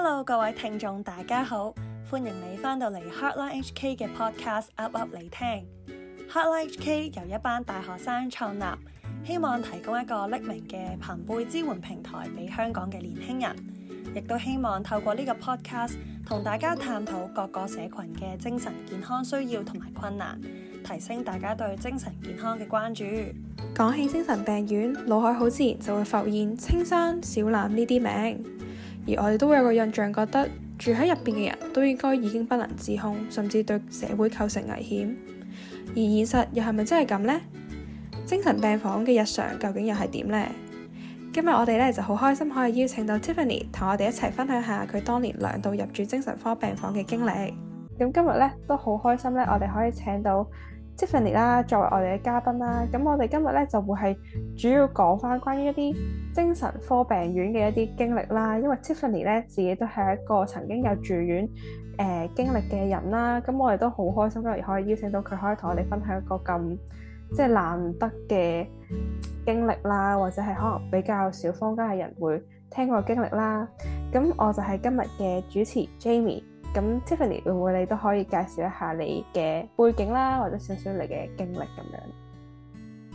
Hello，各位聽眾，大家好，歡迎你翻到嚟 Heartline HK 嘅 Podcast 噏噏你聽。Heartline HK 由一班大學生創立，希望提供一個匿名嘅朋輩支援平台俾香港嘅年輕人，亦都希望透過呢個 Podcast 同大家探討各個社群嘅精神健康需要同埋困難，提升大家對精神健康嘅關注。講起精神病院，腦海好自然就會浮現青山、小欖呢啲名。而我哋都會有個印象，覺得住喺入邊嘅人都應該已經不能自控，甚至對社會構成危險。而現實又係咪真係咁呢？精神病房嘅日常究竟又係點呢？今日我哋咧就好開心，可以邀請到 Tiffany 同我哋一齊分享下佢當年兩度入住精神科病房嘅經歷。咁今日咧都好開心咧，我哋可以請到。Tiffany 啦，Tiffany，作為我哋嘅嘉賓啦，咁我哋今日咧就會係主要講返關於一啲精神科病院嘅一啲經歷啦。因為 Tiffany 咧自己都係一個曾經有住院誒、呃、經歷嘅人啦，咁我哋都好開心今日可以邀請到佢，可以同我哋分享一個咁即係難得嘅經歷啦，或者係可能比較少坊間嘅人會聽過經歷啦。咁我就係今日嘅主持 Jamie。咁 Tiffany 會唔會你都可以介紹一下你嘅背景啦，或者少少你嘅經歷咁樣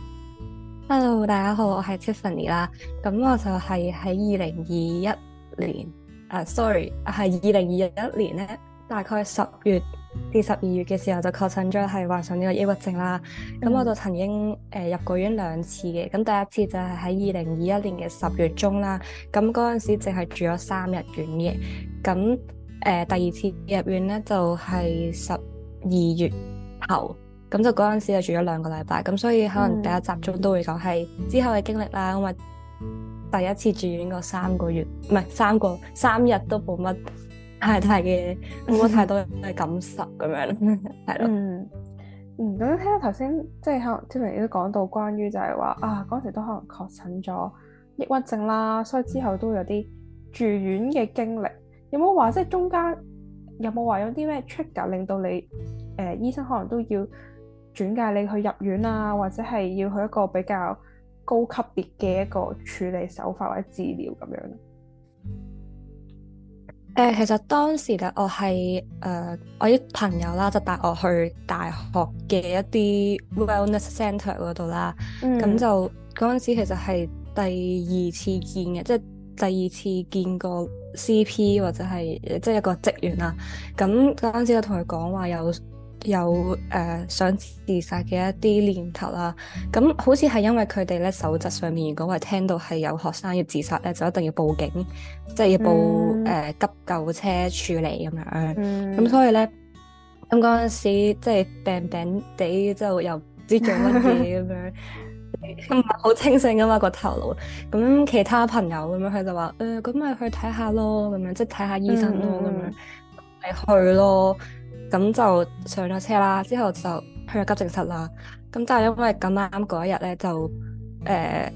？Hello，大家好，我係 Tiffany 啦。咁我就係喺二零二一年，誒、uh，sorry，係二零二一年咧，大概十月至十二月嘅時候就確診咗係患上呢個抑鬱症啦。咁、mm hmm. 我就曾經誒、呃、入過院兩次嘅，咁第一次就係喺二零二一年嘅十月中啦。咁嗰陣時淨係住咗三日院嘅，咁。誒、呃、第二次入院咧，就係十二月頭，咁就嗰陣時就住咗兩個禮拜，咁所以可能比較集中都會講係之後嘅經歷啦。嗯、因為，第一次住院嗰三個月，唔係、嗯、三個三日都冇乜太大嘅冇、嗯、太多嘅感受咁樣，係咯。嗯， 啦嗯，咁聽頭先即係可能招明都講到關於就係、是、話啊，嗰陣時都可能確診咗抑鬱症啦，所以之後都有啲住院嘅經歷。有冇話即係中間有冇話有啲咩 trigger 令到你誒、呃、醫生可能都要轉介你去入院啊，或者係要去一個比較高級別嘅一個處理手法或者治療咁樣？誒、呃，其實當時嘅我係誒、呃、我啲朋友啦，就帶我去大學嘅一啲 wellness centre 嗰度啦。嗯，咁就嗰陣時其實係第二次見嘅，即、就、係、是、第二次見過。C.P. 或者係即係一個職員啦，咁嗰陣時我同佢講話有有誒、呃、想自殺嘅一啲念頭啦，咁好似係因為佢哋咧守則上面，如果話聽到係有學生要自殺咧，就一定要報警，即係要報誒、嗯呃、急救車處理咁樣，咁、嗯、所以咧咁嗰陣時即係病病地之後又唔知做乜嘢咁樣。 唔係好清醒啊嘛，個頭腦，咁其他朋友咁樣，佢、呃、就話誒，咁咪去睇下咯，咁樣即係睇下醫生咯，咁樣咪去咯，咁就上咗車啦，之後就去咗急症室啦，咁但係因為咁啱嗰一日咧就誒、呃、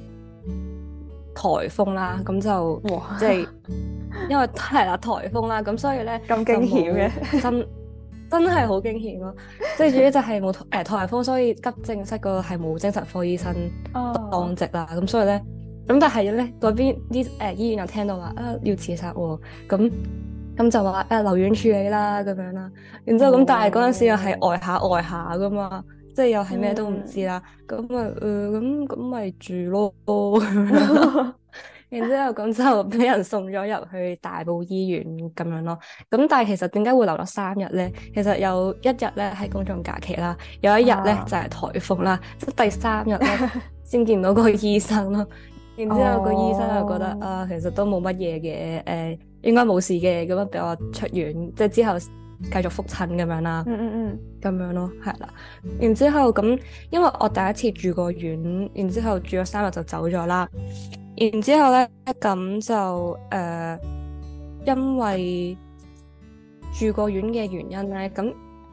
颱風啦，咁就即係哇、就是、因為係啦颱風啦，咁所以咧咁驚險嘅心。 真係好驚險咯，啊！即係主要就係冇誒颱風，所以急症室個係冇精神科醫生當值啦。咁、oh. 所以咧，咁但係咧，嗰邊啲誒、欸、醫院又聽到話，呃、啊要自殺喎，咁咁、嗯、就話啊、呃、留院處理啦咁樣，外下外下、oh. 啦。然之後咁，但係嗰陣時又係呆下呆下噶嘛，即係又係咩都唔知啦。咁啊誒咁咁咪住咯。 然之後咁之後就俾人送咗入去大埔醫院咁樣咯。咁但係其實點解會留咗三日咧？其實有一日咧係公眾假期啦，有一日咧、啊、就係颱風啦，第三日咧先見到個醫生咯。然之後個醫生就覺得、哦、啊，其實都冇乜嘢嘅，誒、呃、應該冇事嘅，咁樣俾我出院，即係之後繼續覆診咁樣啦。嗯嗯嗯，咁樣咯，係啦。然之後咁，因為我第一次住個院，然之後住咗三日就走咗啦。然之後咧，咁就誒、呃，因為住過院嘅原因咧，咁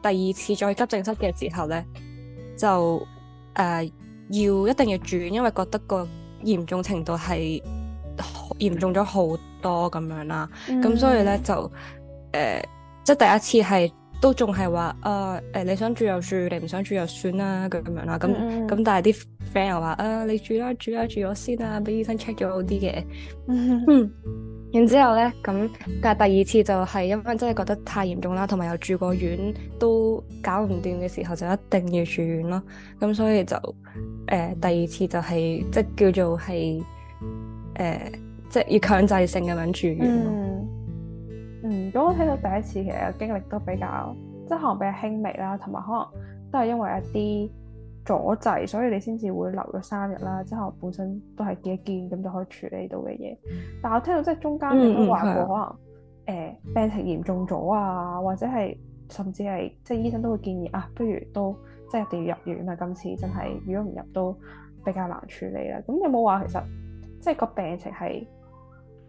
第二次再去急症室嘅時候咧，就誒、呃、要一定要住院，因為覺得個嚴重程度係嚴重咗好多咁樣啦。咁、嗯、所以咧就誒、呃，即係第一次係。都仲係話誒誒，你想住又住，你唔想住算、mm hmm. 又算啦，佢咁樣啦，咁咁但係啲 friend 又話啊，你住啦住啦住咗先啦，啊。」俾醫生 check 咗好啲嘅。Mm hmm. 嗯，然之後咧，咁但係第二次就係因為真係覺得太嚴重啦，同埋又住過院都搞唔掂嘅時候，就一定要住院咯。咁所以就誒、呃、第二次就係、是、即係叫做係誒、呃、即係要強制性咁樣住院咯。Mm hmm. 嗯，咁我聽到第一次其實嘅經歷都比較，即係可能比較輕微啦，同埋可能都係因為一啲阻滯，所以你先至會留咗三日啦。之後本身都係見一見咁就可以處理到嘅嘢。但係我聽到即係中間有冇話過、嗯、可能誒、呃、病情嚴重咗啊，或者係甚至係即係醫生都會建議啊，不如都即係一定要入院啊。今次真係如果唔入都比較難處理啦。咁有冇話其實即係個病情係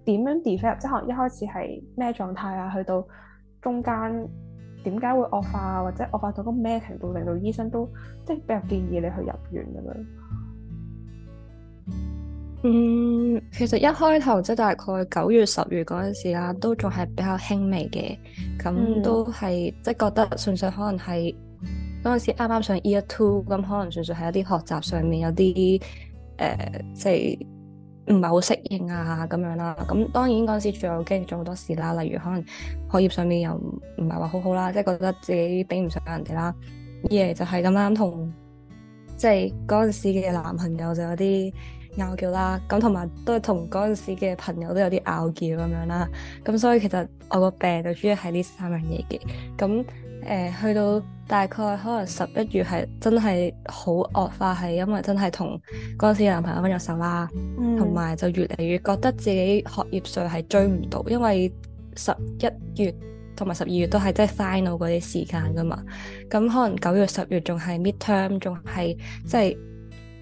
點樣 develop？即係可能一開始係咩狀態啊？去到中間點解會惡化啊？或者惡化到個咩程度，令到醫生都即係比較建議你去入院咁樣？嗯，其實一開頭即係大概九月、十月嗰陣時啦，都仲係比較輕微嘅，咁都係即係覺得純粹可能係嗰陣時啱啱上 Year Two，咁可能純粹係一啲學習上面有啲誒，即、呃、係。即係唔係好適應啊咁樣啦，咁當然嗰陣時仲有經歷咗好多事啦，例如可能學業上面又唔係話好好啦，即係覺得自己比唔上人哋啦，二嚟就係咁啱同即係嗰陣時嘅男朋友就有啲拗撬啦，咁同埋都係同嗰陣時嘅朋友都有啲拗撬咁樣啦，咁所以其實我個病就主要係呢三樣嘢嘅，咁。誒、呃、去到大概可能十一月係真係好惡化，係因為真係同嗰陣時男朋友分咗手啦、啊，同埋、嗯、就越嚟越覺得自己學業上係追唔到，嗯、因為十一月同埋十二月都係即係 final 嗰啲時間噶嘛。咁可能九月、十月仲係 midterm，仲係即係誒、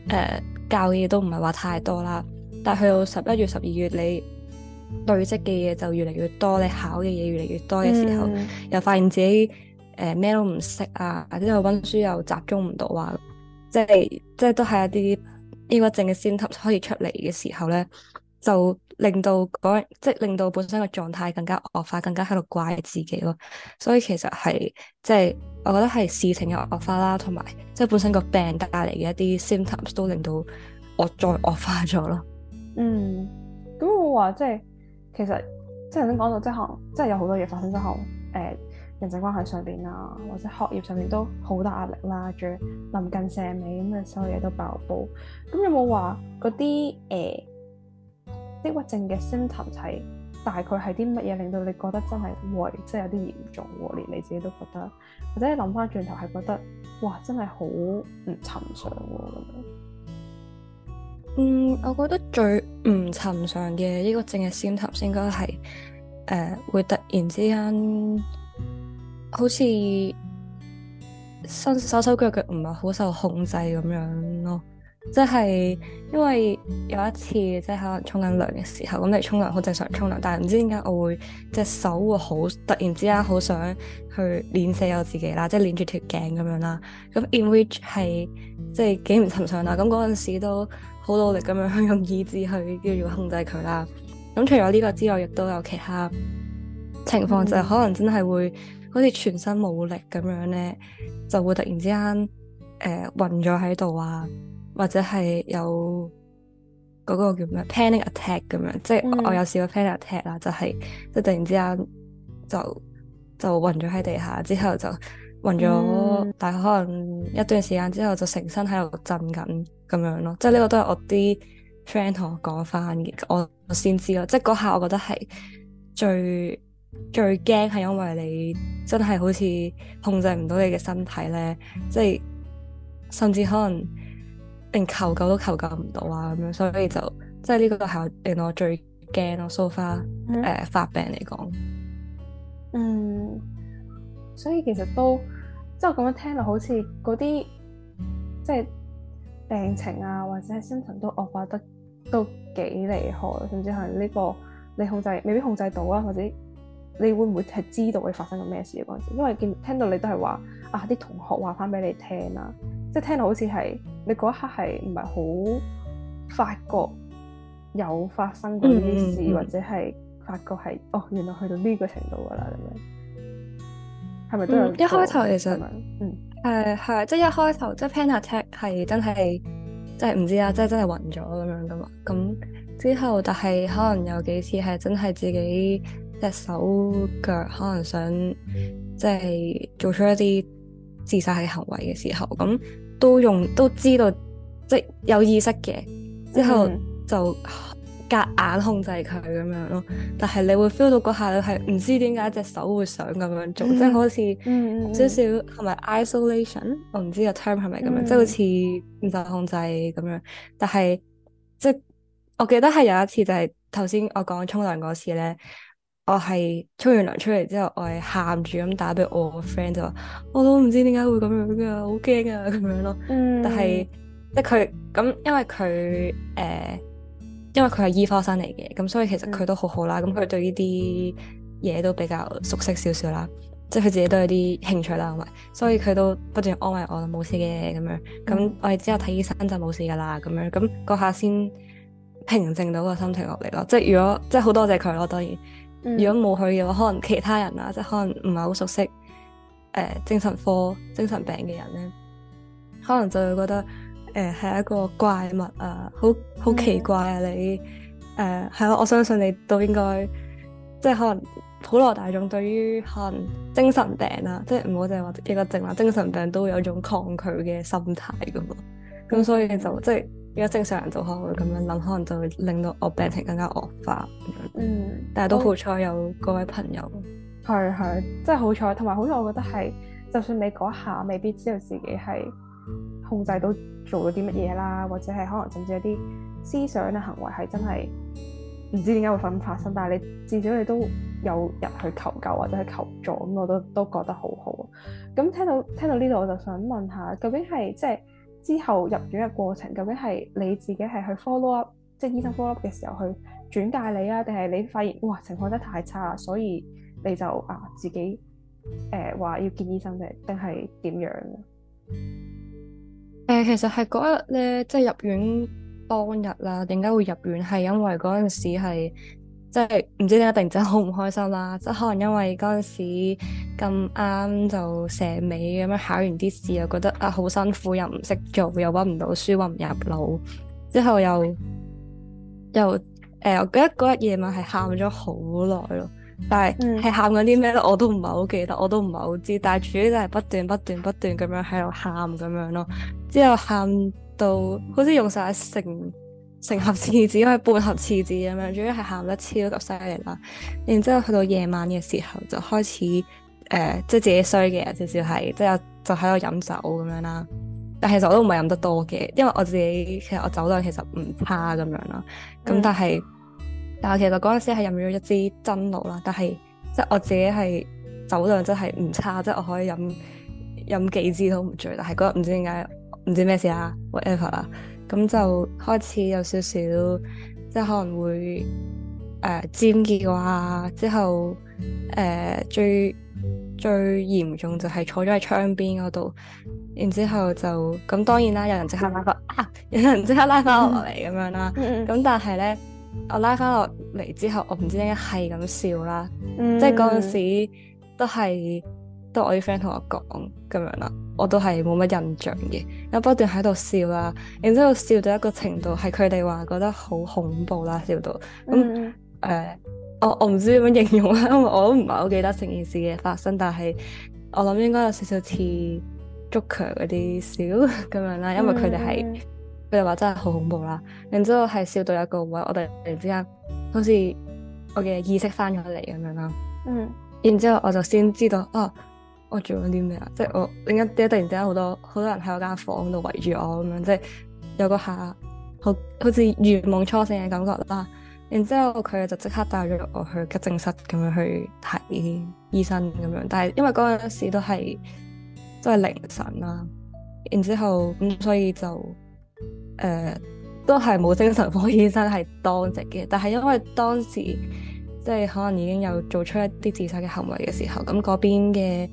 呃、教嘅嘢都唔係話太多啦。但係去到十一月、十二月，你累積嘅嘢就越嚟越多，你考嘅嘢越嚟越多嘅時候，嗯、又發現自己。誒咩、呃、都唔識啊，或者我温書又集中唔到啊，即係即係都係一啲抑鬱症嘅 symptoms 可以出嚟嘅時候咧，就令到嗰即係令到本身嘅狀態更加惡化，更加喺度怪自己咯。所以其實係即係我覺得係事情又惡化啦，同埋即係本身個病帶嚟嘅一啲 symptoms 都令到我再惡化咗咯。嗯，咁我話即係其實即係頭先講到即係可能即係有好多嘢發生之後誒。欸人際關係上邊啊，或者學業上面都好大壓力啦。最臨近社尾咁啊，所有嘢都爆煲。咁有冇話嗰啲誒抑鬱症嘅心頭體大概係啲乜嘢，令到你覺得真係喂，真係有啲嚴重喎？連你自己都覺得，或者你諗翻轉頭係覺得哇，真係好唔尋常喎咁樣。嗯，我覺得最唔尋常嘅一個症嘅心頭體應該係誒、呃、會突然之間。好似手手腳腳唔係好受控制咁樣咯，即係因為有一次即係可能沖緊涼嘅時候，咁你沖涼好正常沖涼，但係唔知點解我會隻手會好突然之間好想去擰死我自己啦，即係擰住條頸咁樣啦。咁 in which 係即係幾唔尋常啦。咁嗰陣時都好努力咁樣去用意志去叫做控制佢啦。咁除咗呢個之外，亦都有其他情況，嗯、就可能真係會。好似全身冇力咁樣咧，就會突然之間誒、呃、暈咗喺度啊，或者係有嗰個叫咩 panic attack 咁樣，嗯、即係我，我有試過 panic attack 啦，就係、係、即係突然之間就就暈咗喺地下，之後就暈咗，大概可能一段時間之後就成身喺度震緊咁樣咯、嗯，即係呢個都係我啲 friend 同我講返嘅，我先知咯，即係嗰下我覺得係最。最驚係，因為你真係好似控制唔到你嘅身體咧，即係甚至可能連求救都求救唔到啊咁樣，所以就即係呢個係令我最驚咯。so far 誒發病嚟講，嗯，所以其實都即係我咁樣聽落，好似嗰啲即係病情啊，或者係心情都惡化得都幾厲害，甚至係呢個你控制未必控制到啊，或者。你會唔會係知道你發生咗咩事啊？嗰陣時，因為見聽到你都係話啊，啲同學話翻俾你聽、啊、啦，即係聽到好似係你嗰一刻係唔係好發覺有發生過呢啲事，嗯、或者係發覺係哦，原來去到呢個程度噶啦咁樣，係咪都有一開頭其實嗯誒係即係一開頭即係 panic attack 係真係即係唔知啊，即係真係暈咗咁樣噶嘛。咁之後，但係可能有幾次係真係自己。隻手腳可能想即係做出一啲自殺嘅行為嘅時候，咁、嗯、都用都知道即係有意識嘅，之後就夾硬控制佢咁樣咯。但係你會 feel 到嗰下你係唔知點解隻手會想咁樣做，嗯、即係好似少少係咪 isolation？我唔知個 term 係咪咁樣，嗯、即係好似唔受控制咁樣。但係即係我記得係有一次就係頭先我講沖涼嗰次咧。我係沖完涼出嚟之後，我係喊住咁打俾我個 friend 就話，我都唔知點解會咁樣噶、啊，好驚啊咁樣咯。嗯。但係、嗯、即係佢咁，因為佢誒、呃，因為佢係醫科生嚟嘅，咁所以其實佢都好好啦。咁佢、嗯、對呢啲嘢都比較熟悉少少啦，即係佢自己都有啲興趣啦，同埋所以佢都不斷安慰我冇事嘅咁樣。咁、嗯、我哋之後睇醫生就冇事噶啦。咁樣咁嗰、那個、下先平靜到個心情落嚟咯。即係如果即係好多謝佢咯，當然。如果冇佢嘅話，可能其他人啊，即係可能唔係好熟悉，誒、呃、精神科精神病嘅人咧，可能就會覺得誒係、呃、一個怪物啊，好好奇怪啊、嗯、你誒係咯，我相信你都應該即係可能普羅大眾對於可能精神病啊，即係唔好淨係話抑鬱症啦，精神病都會有一種抗拒嘅心態噶嘛，咁所以就即係。嗯而家正常人就可能會咁樣諗，可能就會令到我病情更加惡化。嗯，但係也 都好彩有嗰位朋友，係係，即係好彩。同埋好彩，我覺得係，就算你嗰下未必知道自己係控制到做咗啲乜嘢啦，或者係可能甚至有啲思想嘅行為係真係唔知點解會咁發生。但係你至少你都有人去求救或者去求助，咁我都都覺得好好。咁聽到聽到呢度，我就想問下，究竟係即係？就是之後入院嘅過程，究竟係你自己係去 follow up，即係醫生 follow up 嘅時候去轉介你啊，定係你發現哇情況真係太差，所以你就啊自己誒話、呃、要見醫生嘅，定係點樣？誒、呃，其實係嗰日咧，即係、就是、入院當日啦，點解會入院係因為嗰陣時係。即係唔知點解突然之間好唔開心啦、啊！即係可能因為嗰陣時咁啱就蛇尾，咁樣考完啲試，又覺得啊好辛苦，又唔識做，又温唔到書，温唔入腦。之後又又誒，我記得嗰日夜晚係喊咗好耐咯。但係係喊緊啲咩我都唔係好記得，我都唔係好知。但係主要就係不斷不斷不斷咁樣喺度喊咁樣咯。之後喊到好似用晒成～成盒廁紙，因為半盒廁紙咁樣，主要係喊得超級犀利啦。然之後去到夜晚嘅時候，就開始誒、呃，即係自己衰嘅少少，係即係就喺度飲酒咁樣啦。但係其實我都唔係飲得多嘅，因為我自己其實我酒量其實唔差咁樣咯。咁但係、mm.，但係其實嗰陣時係飲咗一支真露啦。但係即係我自己係酒量真係唔差，即係我可以飲飲幾支都唔醉。但係嗰日唔知點解，唔知咩事啦，whatever 啦。咁就開始有少少，即、就、係、是、可能會誒、呃、尖結嘅話、啊，之後誒、呃、最最嚴重就係坐咗喺窗邊嗰度，然之後就咁當然啦，有人即刻拉翻，打打打啊、 有人即刻拉翻落嚟咁樣啦。咁但係咧，我拉翻落嚟之後，我唔知點解係咁笑啦，嗯、即係嗰陣時都係。都我啲 friend 同我講咁樣啦，我都係冇乜印象嘅。然後不斷喺度笑啦，然之後笑到一個程度係佢哋話覺得好恐怖啦，笑到咁誒、mm hmm. 呃。我我唔知點樣形容啦，因為我都唔係好記得成件事嘅發生，但係我諗應該有少少似 Joker 嗰啲笑咁樣啦。因為佢哋係佢哋話真係好恐怖啦，然之後係笑到一個位，我哋突然之間好似我嘅意識翻咗嚟咁樣啦。嗯、mm，hmm. 然之後我就先知道哦。啊我做緊啲咩啊？即係我點解突然之間好多好多人喺我間房度圍住我咁樣？即係有個下，好好似如夢初醒嘅感覺啦。然之後佢就即刻帶咗我去急症室咁樣去睇醫生咁樣。但係因為嗰陣時都係都係凌晨啦。然之後咁所以就誒、呃、都係冇精神科醫生係當值嘅。但係因為當時。即係可能已經有做出一啲自殺嘅行為嘅時候，咁嗰邊嘅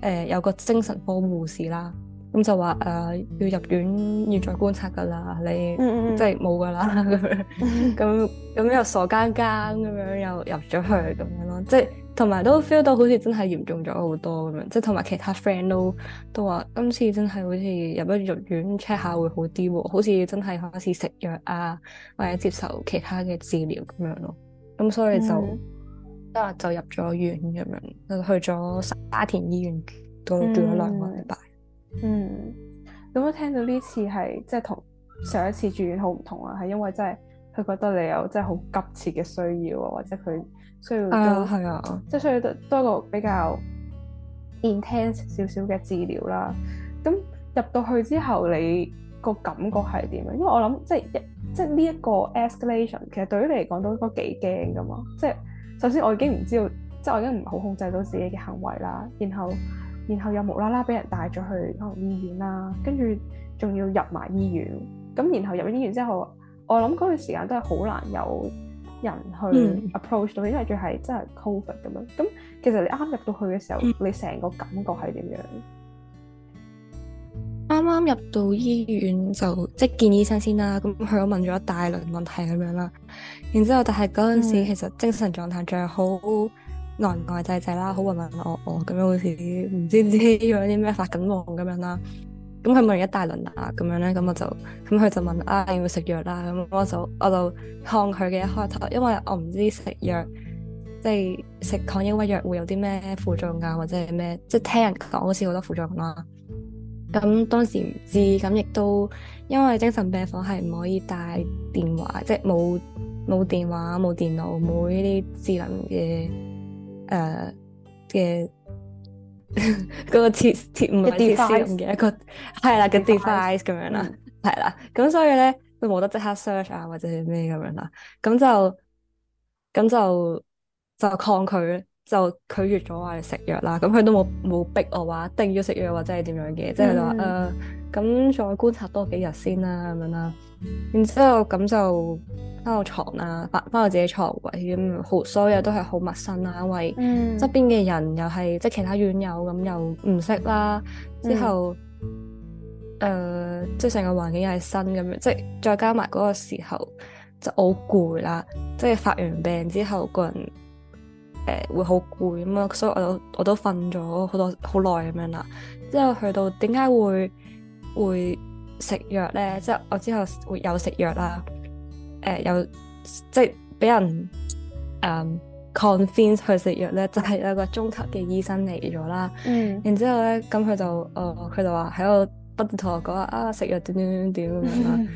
誒有個精神科護士啦，咁就話誒、呃、要入院要再觀察噶啦，你、嗯嗯、即係冇噶啦咁樣，咁咁、嗯、 又傻更更咁樣又入咗去咁樣咯，即係同埋都 feel 到好似真係嚴重咗好多咁樣，即係同埋其他 friend 都都話今次真係好似入咗入院 check 下會好啲、啊，好似真係開始食藥啊，或者接受其他嘅治療咁樣咯。咁所以就即係、嗯、就入咗院咁樣，去咗沙田醫院度住咗兩個禮拜。嗯，咁啊，聽到呢次係即係同上一次住院好唔同啊，係因為真係佢覺得你有真係好急切嘅需要啊，或者佢需要都係啊，即係需要多多個比較 intense 少少嘅治療啦。咁入到去之後，你個感覺係點樣啊？因為我諗即係即係呢一個 escalation，其實對於你嚟講都都幾驚㗎嘛！即係首先我已經唔知道， 即係我已經唔好控制到自己嘅行為啦。然後，然後又無啦啦俾人帶咗去可能醫院啦，跟住仲要入埋醫院。咁然後入咗醫院之後，我諗嗰段時間都係好難有人去 approach 到，因為仲係真係 covid 咁樣。咁其實你啱入到去嘅時候，你成個感覺係點樣？啱啱入到醫院就即係見醫生先啦，咁佢都問咗一大輪問題咁樣啦。然之後，但係嗰陣時其實精神狀態仲係好呆呆滯滯啦，好混混噩噩咁樣，好似唔知唔知有啲咩發緊夢咁樣啦。咁佢問完一大輪啊咁樣咧，咁我就咁佢就問啊你要唔要食藥啦，咁我就我就抗拒嘅一開頭，因為我唔知食藥即係食抗抑鬱藥會有啲咩副作用，或者係咩即係聽人講好似好多副作用啦。咁當時唔知，咁亦都因為精神病房係唔可以帶電話，即係冇冇電話、冇電腦、冇呢啲智能嘅誒嘅嗰個設設，唔係智能嘅一個係 啦，個 device 咁樣 啦，係啦，咁所以咧就冇得即刻 search 啊，或者係咩咁樣啦，咁就咁就就抗拒就拒絕咗話食藥啦，咁佢都冇冇逼我話、啊、一定要食藥或者係點樣嘅，即係就話、是、誒，咁、mm hmm. 呃、再觀察多幾日先啦咁樣啦。然之後咁就翻到床啦，返翻我自己牀位咁，好所有都係好陌生啦，因為側邊嘅人又係即係其他院友咁又唔識啦。之後誒、mm hmm. 呃，即係成個環境又係新咁樣，即係再加埋嗰個時候就好攰啦，即係發完病之後個人。誒、呃，會好攰啊嘛，所以我都我都瞓咗好多好耐咁樣啦。之後去到點解會會食藥咧即係我之後會有食藥啦。誒、呃，有即係俾人誒、um, confine 去食藥咧，就係、是、一個中級嘅醫生嚟咗啦。嗯。然後之後咧，咁佢就誒，佢、呃、就話喺度不斷同我講啊，食藥點點點點咁樣啦、嗯。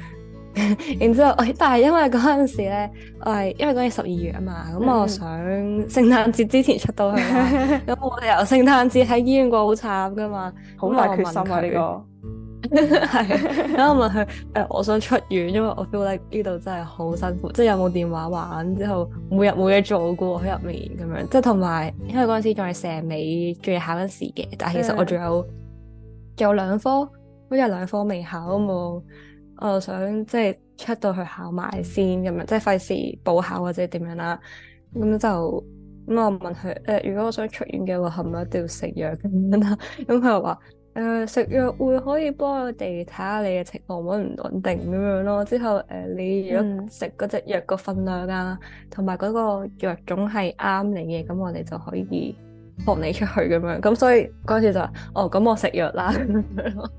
然之後，但係因為嗰陣時咧，我係因為嗰陣時十二月啊嘛，咁、mm hmm. 我想聖誕節之前出到去，咁我由聖誕節喺醫院過好慘噶嘛，好大決心啊呢個係。咁我問佢，誒、 哎，我想出院，因為我 feel 到呢度真係好辛苦，即係有冇電話玩，之後每日冇嘢做噶喺入面咁樣。即係同埋，因為嗰陣時仲係蛇尾，仲要考緊試嘅，但係其實我仲有、mm. 有兩科，好似有兩科未考冇。我想即係出到去考埋先咁樣，即係費事補考或者點樣啦。咁就咁我問佢，誒、呃，如果我想出院嘅話，係咪一定要食藥咁樣啦？咁佢又話，誒，食藥會可以幫我哋睇下你嘅情況穩唔穩定咁樣咯。之後誒，你如果食嗰隻藥個份量啊，同埋嗰個藥種係啱你嘅，咁我哋就可以放你出去咁樣。咁所以嗰時就話，哦，咁我食藥啦咁樣咯。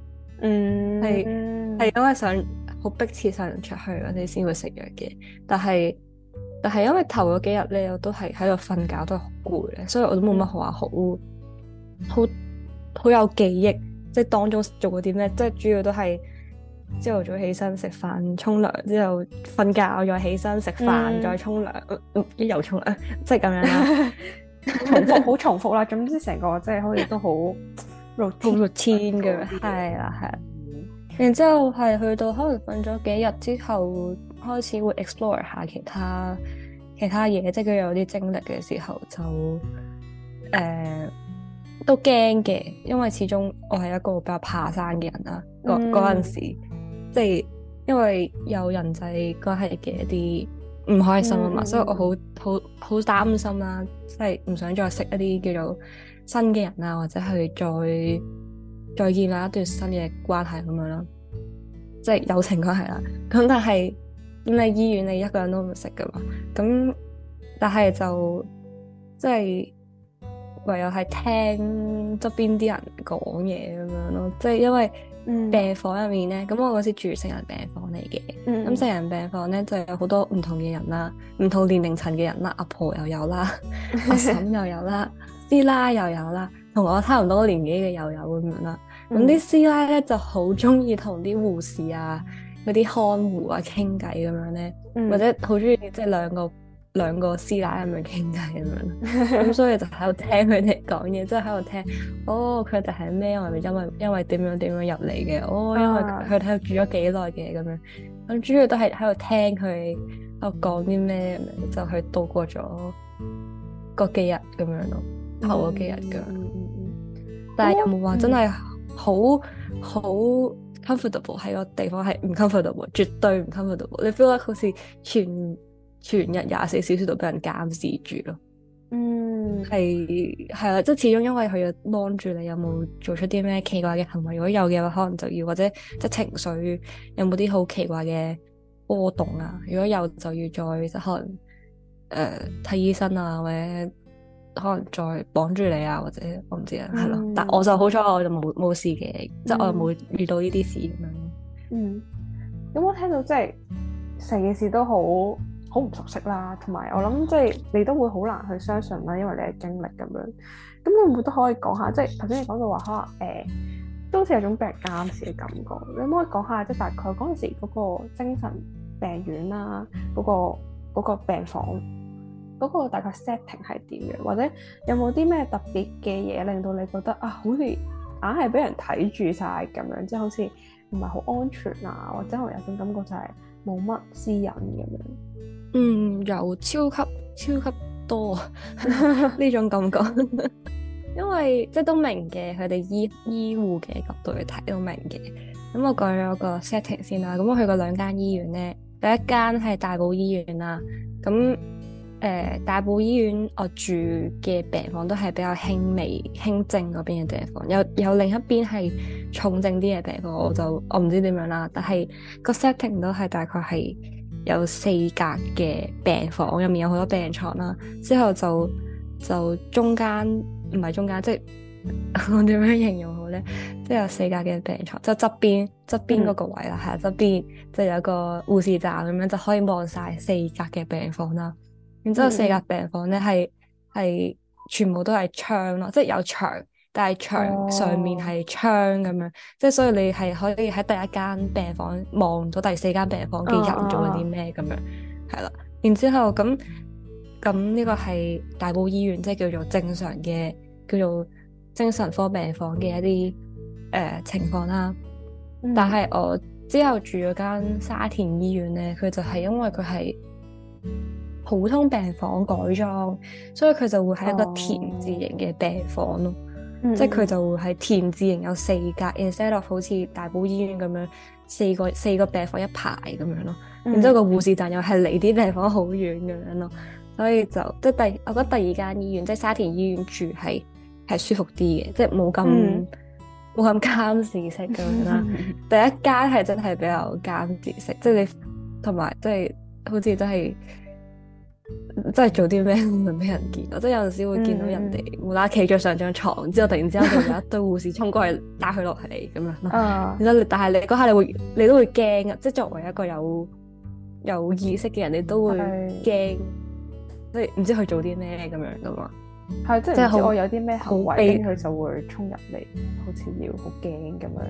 嗯，係。係因為想好逼切晒人出去，我哋先會食藥嘅。但係但係因為頭嗰幾日咧，我都係喺度瞓覺，都係好攰，所以我都冇乜話好好好有記憶，即係當中做過啲咩，即係主要都係朝頭早起身食飯、沖涼之後瞓覺，再起身食飯、再沖涼，嗯，又沖涼，即係咁樣啦，重複好重複啦，總之成個即係好似都好 routine，routine 咁樣，係啦，係。然之後係去到可能瞓咗幾日之後，開始會 explore 下其他其他嘢，即係佢有啲精力嘅時候，就誒、呃、都驚嘅，因為始終我係一個比較怕生嘅人啦。嗰嗰陣時，即係因為有人際關係嘅一啲唔開心啊嘛，嗯、所以我好好好擔心啦，即係唔想再識一啲叫做新嘅人啊，或者去再。再建立一段新嘅關係咁樣咯，即係友情關係啦。咁但係咁你醫院你一個人都唔識㗎嘛？咁但係就即係唯有係聽側邊啲人講嘢咁樣咯。即係因為病房入面咧，咁、嗯、我嗰時住成人病房嚟嘅。咁、嗯、成人病房咧就有好多唔同嘅人啦，唔同年齡層嘅人啦，阿婆又有啦，阿嬸又有啦，師奶又有啦，同我差唔多年紀嘅又有咁樣啦。咁啲師奶咧就好中意同啲護士啊，嗰啲看護啊傾偈咁樣咧，嗯、或者好中意即係兩個兩個師奶咁樣傾偈咁樣，咁 所以就喺度聽佢哋講嘢，即係喺度聽，哦，佢哋係咩？我咪因為因為點樣點樣入嚟嘅？哦，因為佢喺度住咗幾耐嘅咁樣，咁主要都係喺度聽佢喺度講啲咩，就去、是、度過咗個幾日咁樣咯，頭嗰、嗯、幾日嘅，但係有冇話真係、嗯？好好 comfortable 喺個地方係唔 comfortable，絕對唔 comfortable。你 feel 得好似全全日廿四小時都俾人監視住咯。嗯，係係啦，即係始終因為佢要幫住你，有冇做出啲咩奇怪嘅行為？如果有嘅話，可能就要或者即係情緒有冇啲好奇怪嘅波動啊？如果有就要再即可能誒呃、睇醫生啊或者。可能再綁住你啊，或者我唔知啊，係咯、嗯。但我就好彩，嗯、我就冇冇事嘅，即係我又冇遇到呢啲事咁樣。嗯，有冇聽到即係成件事都好好唔熟悉啦，同埋我諗即係你都會好難去相信啦，因為你嘅經歷咁樣。咁你會唔會都可以講下，即係頭先你講到話可能誒，都、呃、似有種俾人監視嘅感覺，你可唔可以講下即係、就是、大概嗰陣時嗰個精神病院啦、啊，嗰、那個嗰、那個病房？嗰個大概 setting 係點樣，或者有冇啲咩特別嘅嘢令到你覺得啊，好似硬係俾人睇住晒咁樣，即係好似唔係好安全啊，或者我有種感覺就係冇乜私隱咁樣。嗯，有超級超級多呢 種感覺， 因為即係都明嘅，佢哋醫醫護嘅角度去睇都明嘅。咁我講咗個 setting 先啦。咁我去過兩間醫院咧，第一間係大埔醫院啦，咁。誒、呃、大埔醫院，我住嘅病房都係比較輕微輕症嗰邊嘅病房，有有另一邊係重症啲嘅病房，我就我唔知點樣啦。但係個 setting 都係大概係有四格嘅病房，入面有好多病床啦。之後就就中間，唔係中間，即、就、係、是、 我點樣形容好咧？即、就、係、是、有四格嘅病床，即係側邊側邊嗰個位啦，係側、嗯啊、邊即係有個護士站咁樣，就可以望晒四格嘅病房啦。然之後四格病房咧，係係全部都係窗咯，即係有牆，但係牆上面係窗咁、oh. 樣，即係所以你係可以喺第一間病房望到第四間病房嘅人做緊啲咩咁樣，係啦。然之後咁咁呢個係大埔醫院即係叫做正常嘅叫做精神科病房嘅一啲誒、呃、情況啦。Oh. 但係我之後住嗰間沙田醫院咧，佢就係因為佢係。普通病房改裝，所以佢就會係一個田字型嘅病房咯，oh. 即係佢就會係田字型有四格，set up 好似大埔醫院咁樣，四個四個病房一排咁樣咯。然之後個護士站又係離啲病房好遠咁樣咯，所以就即係第我覺得第二間醫院即係沙田醫院住係係舒服啲嘅，即係冇咁冇咁監視式咁樣啦。 第一間係真係比較監視式，即係你同埋即係好似都係。即係做啲咩唔俾人見咯，即係有陣時會見到人哋無啦啦企咗上張床，之後突然之間就有一堆護士衝過去打佢落嚟,咁樣。啊！然之後但係你嗰下你會你都會驚啊，即係作為一個有有意識嘅人，你都會驚，即係唔知佢做啲咩咁樣噶嘛。係即係唔知我有啲咩行為，佢就會衝入嚟，好似要好驚咁樣。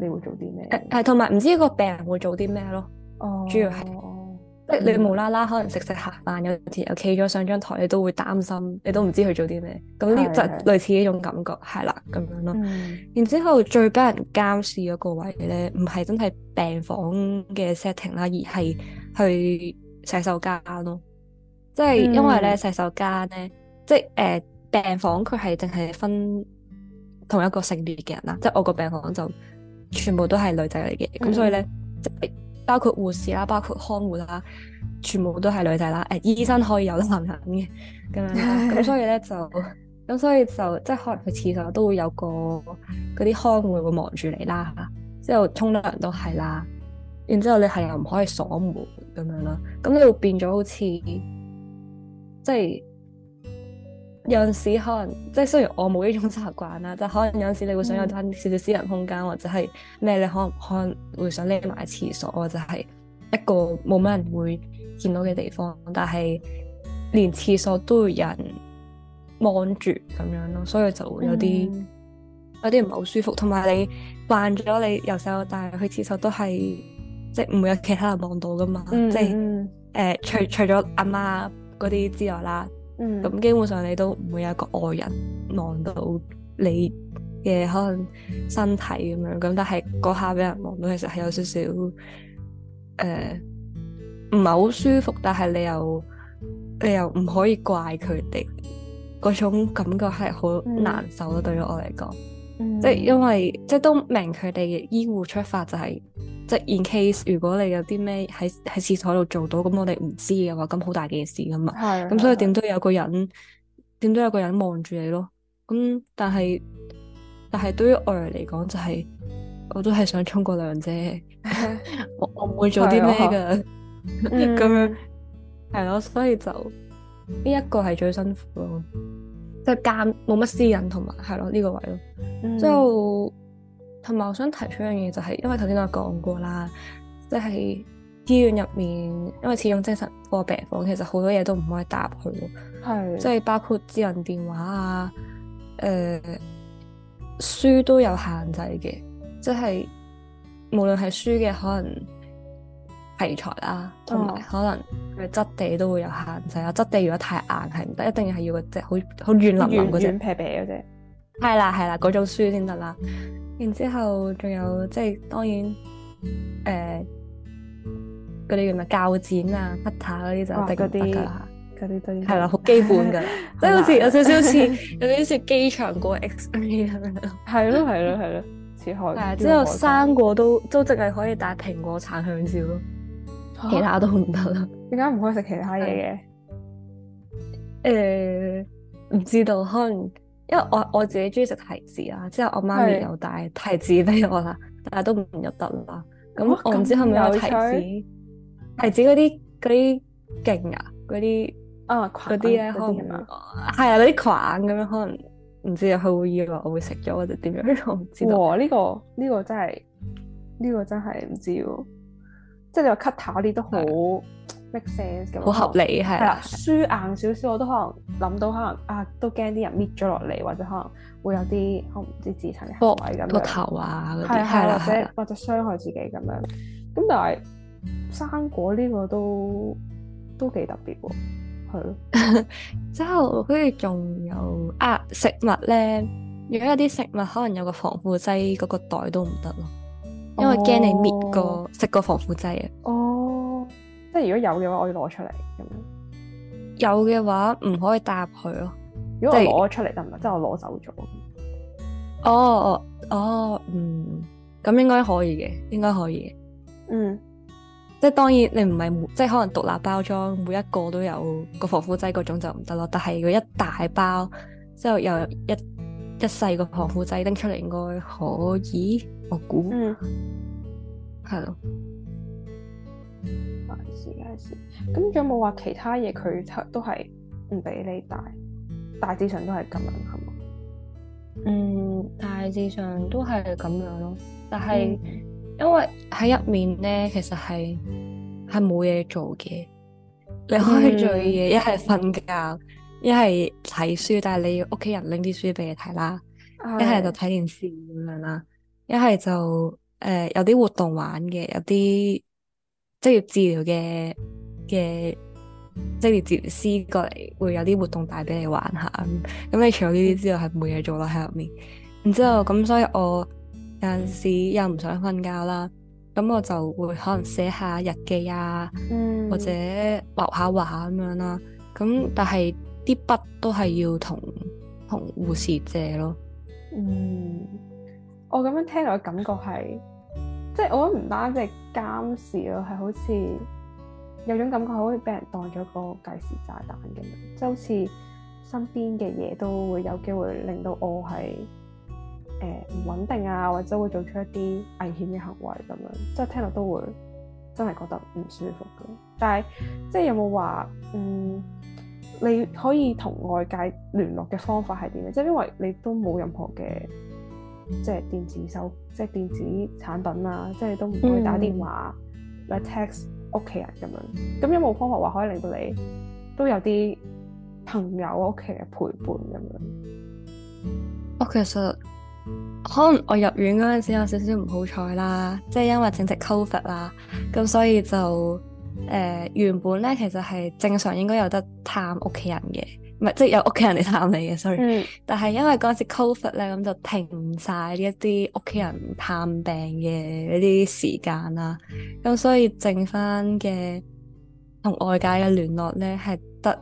你會做啲咩？係同埋唔知個病人會做啲咩咯？主要係。你無啦啦可能食食下飯，有時又企咗上張台，你都會擔心，你都唔知佢做啲咩。咁呢就類似呢種感覺，係啦咁樣咯。 嗯、然之後最俾人監視嗰個位咧，唔係真係病房嘅 setting 啦，而係去洗手間咯。即係因為咧、嗯、洗手間咧，即係誒病房佢係淨係分同一個性別嘅人啦。即係我個病房就全部都係女仔嚟嘅，咁、嗯、所以咧。即係包括護士啦，包括看護啦，全部都係女仔啦。誒、欸，醫生可以有得男人嘅咁樣咁 所以咧，就，咁所以就即係可能去廁所都會有個嗰啲看護會望住你啦。之後沖涼都係啦。然之後你係又唔可以鎖門咁樣啦。咁你會變咗好似即係。有陣時可能即係雖然我冇呢種習慣啦，但可能有陣時你會想有翻少少私人空間，嗯、或者係咩你可能可能會想匿埋廁所，或者係一個冇乜人會見到嘅地方。但係連廁所都會有人望住咁樣咯，所以就會有啲、嗯、有啲唔係好舒服。同埋你慣咗你由細到大去廁所都係即係唔會有其他人望到噶嘛，嗯、即係誒、呃、除除咗阿媽嗰啲之外啦。咁、嗯、基本上你都唔會有一個外人望到你嘅可能身體咁樣咁，但係嗰下俾人望到點點，其實係有少少誒，唔係好舒服。但係你又你又唔可以怪佢哋嗰種感覺係好難受咯。嗯、對於我嚟講、嗯，即係因為即係都明佢哋嘅醫護出發就係、是。即係 in case 如果你有啲咩喺喺廁所度做到，咁我哋唔知嘅話，咁好大件事噶嘛。係。咁所以點都有個人，點的都有個人望住你咯。咁但係，但係對於外人嚟講，就係我都係想沖個涼啫。 我我唔會做啲咩噶。咁的 樣係咯、嗯，所以就呢一、這個係最辛苦咯。即係間冇乜私隱，同埋係咯呢個位咯，就、嗯。同埋我想提出一樣嘢、就是，就係因為頭先我講過啦，即係醫院入面，因為始終精神科病房其實好多嘢都唔可以搭去咯，係是即係包括智能電話啊，誒、呃、書都有限制嘅，即係無論係書嘅可能題材啊，同埋、哦、可能佢質地都會有限制啊，質地如果太硬係唔得，一定係要嗰隻好好軟腍腍嗰隻。係啦，係啦，嗰種書先得啦。然之後仲有，即係當然，誒、欸，嗰啲叫咩鉸剪啊、筆塔嗰啲就、哦、得。嗰啲係啦，好基本噶，即係好似有少少似有少少似機場過 X 光咁樣。係咯，係咯，係咯，似海。之 後生果都都淨係可以帶蘋果橙香蕉咯，哦、其他都唔得啦。點解唔可以食其他嘢嘅？誒，唔、呃、知道，可能。因為我我自己中意食提子啦，之後我媽咪又帶提子俾我啦，是但係都唔入得啦。咁我唔知係咪有提子，提子嗰啲嗰啲勁啊，嗰啲啊嗰啲咧，可能係啊嗰啲菌咁樣，可能唔知佢會以為我會食咗或者點樣，我唔知道。哇！呢個呢個真係呢個真係唔知喎，即係你話 cut 頭啲都好。好 Make 合理係係啦，輸能的硬少少我都可能諗到，可能啊都驚啲人搣咗落嚟，或者可能會有啲唔知自殘行為咁樣，個、喔、頭啊啲，或者或者傷害自己咁樣。咁但係生果呢個都都幾特別喎、啊，係咯。之 後跟住仲有啊食物咧，如果有啲食物可能有個防腐劑嗰個袋都唔得咯，因為驚你搣個食個防腐劑啊。即係如果有嘅話，我要攞出嚟咁樣，有嘅話唔可以帶入去咯。如果即係我攞出嚟得唔得？即係我攞走咗。哦哦哦，嗯，咁應該可以嘅，應該可以。嗯，即係當然你唔係即係可能獨立包裝，每一個都有個防腐劑嗰種就唔得咯。但係佢一大包之後又一一細個防腐劑拎出嚟應該可以，我估。嗯。係咯猜。嗯。是，係是。咁仲有冇話其他嘢佢都係唔俾你帶？大致上都係咁樣，係嘛？嗯，大致上都係咁樣咯。但係、嗯、因為喺入面咧，其實係係冇嘢做嘅。你可以做嘢一係瞓覺，一係睇書，但係你要屋企人拎啲書俾你睇啦。一係、哎、就睇電視咁樣啦，一係就誒、呃、有啲活動玩嘅，有啲。職業治療嘅嘅職業治療師過嚟會有啲活動帶俾你玩下，咁你除咗呢啲之外係冇嘢做啦喺入面。然之後咁，所以我有陣時又唔想瞓覺啦，咁我就會可能寫下日記啊，嗯、或者畫下畫咁樣啦。咁但係啲筆都係要同同護士借咯。嗯，我咁樣聽落嘅感覺係。即係我覺得唔單止監視咯，係好似有種感覺，好似俾人當咗個計時炸彈咁樣，即係好似身邊嘅嘢都會有機會令到我係誒唔穩定啊，或者會做出一啲危險嘅行為咁樣，即係聽落都會真係覺得唔舒服嘅。但係即係有冇話，嗯，你可以同外界聯絡嘅方法係點咧？即係因為你都冇任何嘅。即係電子手，即係電子產品啊，即係都唔會打電話、嚟 text 屋企人咁樣。咁有冇方法話可以令到你都有啲朋友屋企嘅陪伴咁樣？我其實可能我入院嗰陣時有少少唔好彩啦，即係因為正值 COVID 啦，咁所以就誒、呃、原本咧其實係正常應該有得探屋企人嘅。唔係，即係、就是、有屋企人嚟探你嘅。sorry，嗯、但係因為嗰陣時 Covid 咧，咁就停晒呢一啲屋企人探病嘅一啲時間啦。咁所以剩返嘅同外界嘅聯絡咧，係得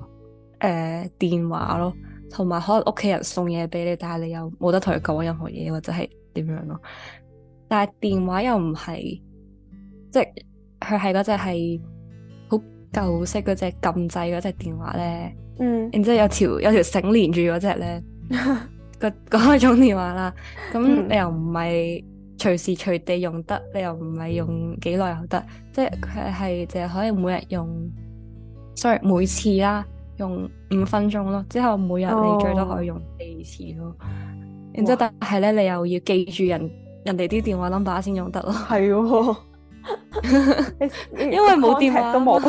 誒電話咯，同埋可能屋企人送嘢俾你，但係你又冇得同佢講任何嘢，或者係點樣咯。但係電話又唔係，即係佢係嗰隻係好舊式嗰隻撳掣嗰隻電話咧。嗯，然之後有條有條繩連住嗰隻咧， 那個嗰一種電話啦。咁你又唔係隨時隨地用得，mm. 你又唔係用幾耐，又得，即係佢係淨係可以每日用，Sorry 每次啦，用五分鐘咯。之後每日你最多可以用四次咯。然之後，但係咧，你又要記住人人哋啲電話 number 先用得咯。係哦，因為冇電話 都冇。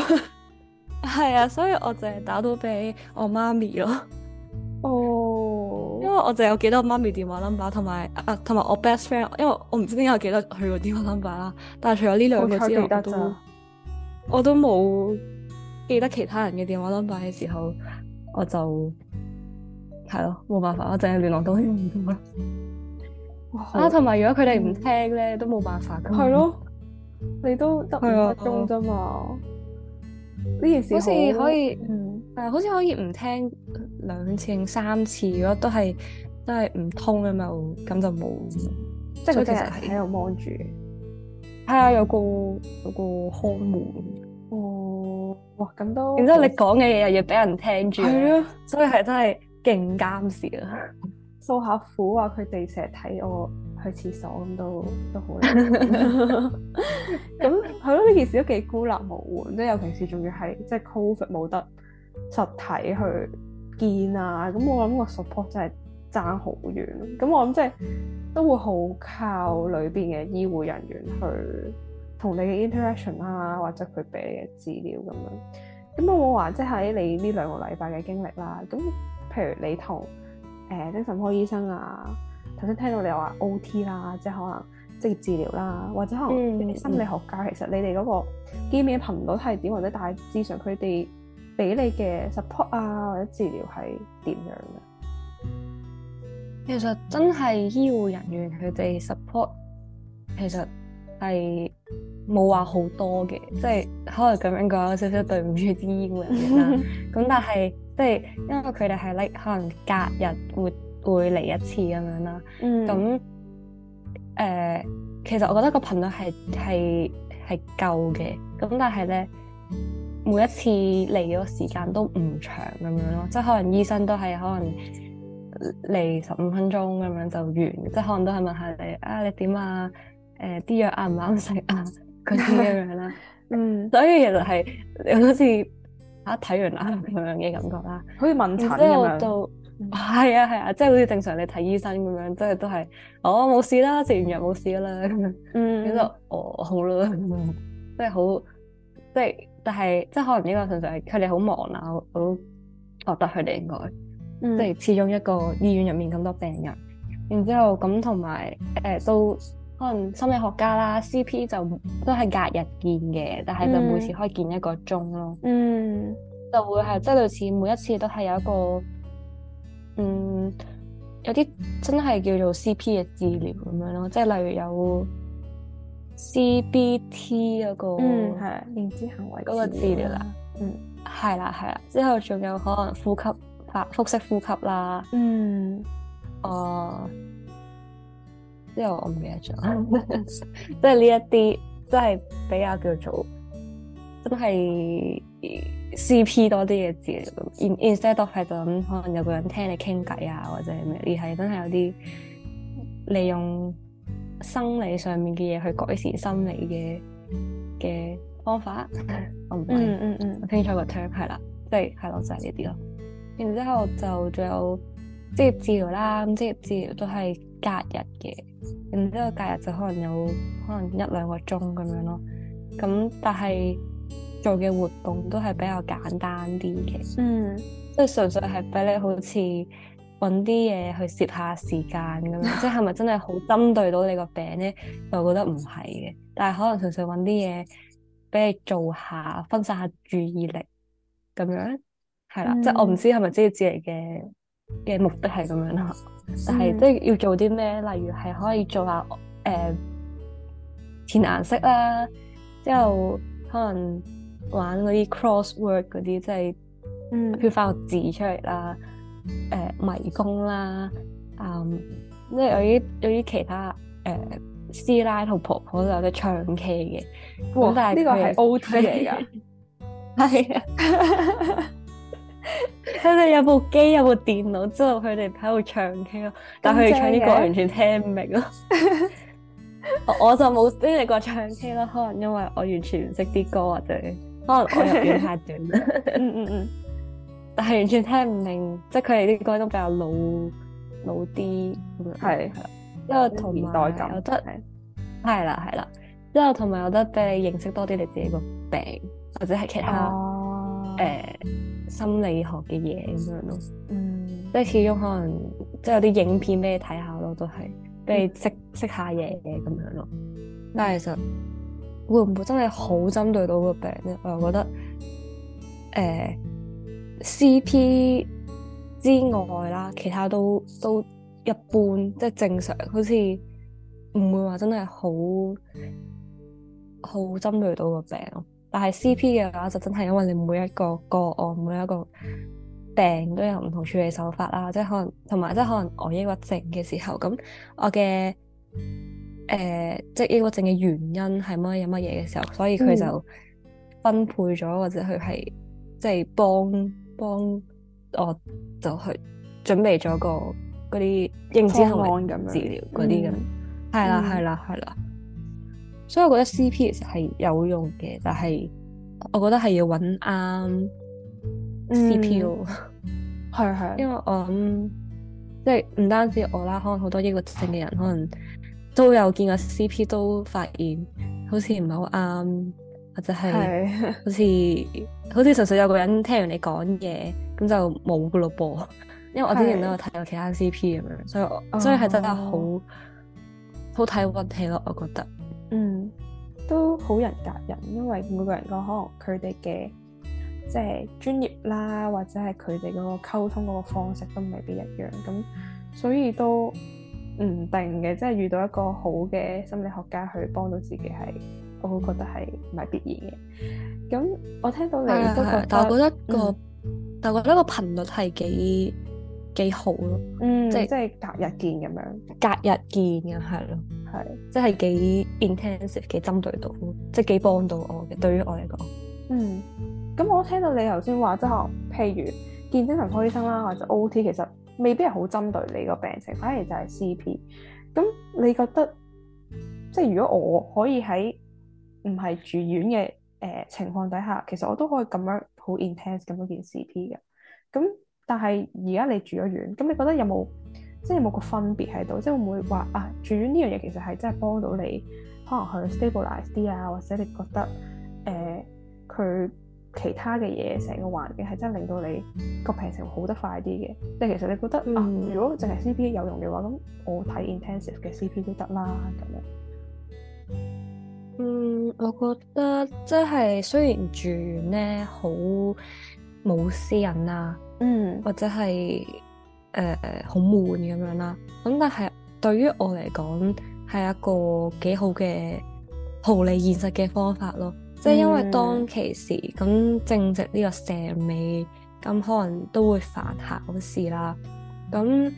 係啊，所以我淨係打到俾我媽咪咯哦。因為我淨係有記得我媽咪電話 number，同埋啊，同埋我 best friend，因為我唔知點解有記得佢個電話 number 啦。但係除咗呢兩個之外，我，我都冇記得其他人嘅電話 number 嘅時候，我就係咯，冇辦法，我淨係聯絡到呢兩個。 啊，同埋如果佢哋唔聽咧，oh. 都冇辦法噶。係咯，你都得五分鐘啫嘛。呢件事好似可以，嗯，係、嗯、好似可以唔聽兩次、三次咯，都係都係唔通咁嘛。咁就冇。即係佢其實喺度望住，係啊、嗯，有個有個看門、嗯。哦，哇，咁都，然之後你講嘅嘢又要俾人聽住，嗯、所以係真係勁監視啊！受下苦啊，佢哋成日睇我。去廁所咁都都好，咁係咯，呢件事都幾孤立無援，即係尤其是仲要係即係 covid 冇得實體去見啊！咁、嗯嗯、我諗個 support 真係爭好遠，咁我諗即係都會好靠裏邊嘅醫護人員去同你嘅 interaction 啊，或者佢俾你嘅資料咁樣。咁我冇話即係喺你呢兩個禮拜嘅經歷啦。咁譬如你同誒、呃、精神科醫生啊。頭先聽到你話 OT 啦，即係可能職業治療啦，或者可能心理學家。嗯、其實你哋嗰個見面頻率係點，或者大致上佢哋俾你嘅 support 啊或者治療係點樣嘅？其實真係醫護人員佢哋 support 其實係冇話好多嘅，即係可能咁樣講有少少對唔住啲醫護人員啦。咁 但係即係因為佢哋係 like 可能隔日換。會嚟一次咁樣啦，咁誒、嗯呃，其實我覺得個頻率係係係夠嘅，咁但係咧，每一次嚟嘅時間都唔長咁樣咯，即係可能醫生都係可能嚟十五分鐘咁樣就完，即係可能都係問下你啊，你點啊？誒、呃，啲藥啱唔啱食啊？嗰啲咁樣啦，嗯， 嗯所以其實係你好似吓睇完啦咁樣嘅感覺啦，好似問診咁樣。係啊係啊，即係好似正常你睇醫生咁樣，即係都係，哦冇事啦，食完藥冇事啦咁樣，嗯，咁 就哦好啦，即係好，即係但係即係可能呢、這個純粹係佢哋好忙啦，我都覺得佢哋應該，即係始終一個醫院入面咁多病人，然之後咁同埋誒都可能心理學家啦，C P 就都係隔日見嘅，但係就每次可以見一個鐘咯，嗯， 就會係即係類似每一次都係有一個。嗯，有啲真係叫做 C P 嘅治療咁樣咯，即係例如有 C B T 嗰個，那個，嗯個，嗯係認知行為嗰個治療啦，嗯係啦係啦，之後仲有可能呼吸法、腹式呼吸啦，嗯啊，uh, 之後我唔記得咗， 即係呢一啲，真係比較叫做，真係。C.P. 多啲嘅治療，而 instead of 係就咁，可能有個人聽你傾偈啊，或者咩，而係真係有啲利用生理上面嘅嘢去改善心理嘅嘅方法，Okay. 我唔係、mm hmm. 嗯，嗯嗯嗯，我聽錯個 term 係啦，即係係咯就係呢啲咯，然之後就仲有職業治療啦，咁職業治療都係隔日嘅，然之後隔日就可能有可能有一兩個鐘咁樣咯，咁但係。做嘅活動都係比較簡單啲嘅，嗯、即係純粹係俾你好似搵啲嘢，去攝下時間咁樣。 即係咪真係好針對到你個病咧？我覺得唔係嘅，但係可能純粹搵啲嘢俾你做下，分散下注意力咁樣係啦。嗯、即係我唔知係咪知道是是自己嘅嘅目的係咁樣咯。但係即係要做啲咩？例如係可以做下誒填顏色啦，之後、嗯、可能。玩嗰啲 crossword 嗰啲，即係、呃，佢畫個字出嚟啦，誒迷宮啦，嗯，即係有啲有啲其他，誒師奶同婆婆都有得唱 K 嘅，咁但係呢個係 O T 嚟噶，係，佢哋有部機有部電腦之後，佢哋喺度唱 K 咯，但係佢哋唱啲歌完全聽唔明咯，我就冇經歷過唱 K 咯，可能因為我完全唔識啲歌或者。 可能我入院太短啦， 嗯嗯嗯，但係完全聽唔明，即係佢哋啲歌都比較老老啲咁是樣，係係啦，之後同年代感，有得係啦係啦，之是後同埋我覺得俾你認識多啲你自己個病，或者係其他誒、哦呃、心理學嘅嘢咁樣咯，嗯，即係始終可能即係有啲影片俾你睇下咯，都係俾你識、嗯、識下嘢嘅咁樣咯，但係其實。會唔會真係好針對到個病咧？我又覺得誒，呃，CP 之外啦，其他都都一般，即係正常，好似唔會話真係好好針對到個病咯。但係 CP 嘅話，就真係因為你每一個個案，每一個病都有唔同處理手法啦，即係可能同埋即係可能我抑鬱症嘅時候，咁我嘅。誒、呃，即係抑鬱症嘅原因係乜嘢乜嘢嘅時候，所以佢就分配咗，嗯、或者佢係即係幫幫我，就去準備咗個嗰啲認知行為咁治療嗰啲咁，係啦係啦係啦。所以我覺得 CP 係有用嘅，但係我覺得係要揾啱 CPU，係係，因為我諗即係唔單止我啦，可能好多抑鬱症嘅人可能。都有見過 CP 都發現好似唔係好啱，或者係好似 好似純粹有個人聽完你講嘢，咁就冇噶咯噃。因為我之前都有睇過其他 CP 咁樣， 所以所以係真係、oh. 好好睇運氣咯，我覺得。嗯，都好人夾人，因為每個人講可能佢哋嘅即係專業啦，或者係佢哋嗰個溝通嗰個方式都未必一樣，咁所以都。唔定嘅，即係遇到一個好嘅心理學家去幫到自己，係我會覺得係唔係必然嘅。咁我聽到你的都覺，但係我覺得個，嗯、但係我覺得個頻率係幾幾好咯，嗯就是、即係即係隔日見咁樣，隔日見嘅係咯，係的即係幾 intensive，幾針對到，即係幾幫到我嘅。對於我嚟講，嗯，咁我聽到你頭先話即係譬如見精神科醫生啦，或者 OT 其實。未必係好針對你個病情，反而就係 CP。咁你覺得即係如果我可以喺唔係住院嘅誒、呃、情況底下，其實我都可以咁樣好 intense 咁樣練 CP 嘅。咁但係而家你住咗院，咁你覺得有冇即係有冇個分別喺度？即係會唔會話啊住院呢樣嘢其實係真係幫到你，可能去 stabilize 啲啊，或者你覺得誒佢？呃其他嘅嘢，成個環境係真係令到你個、嗯、病情好得快啲嘅。即係其實你覺得、嗯、啊，如果淨係 CPA 有用嘅話，咁我睇 intensive 嘅 CP 都得啦。咁樣嗯，我覺得即係、就是、雖然住咧好冇私隱啊，嗯，或者係誒好悶咁樣啦。咁但係對於我嚟講係一個幾好嘅逃離現實嘅方法咯。即係因為當其時咁、嗯、正值呢個蛇尾，咁可能都會煩下考試啦。咁、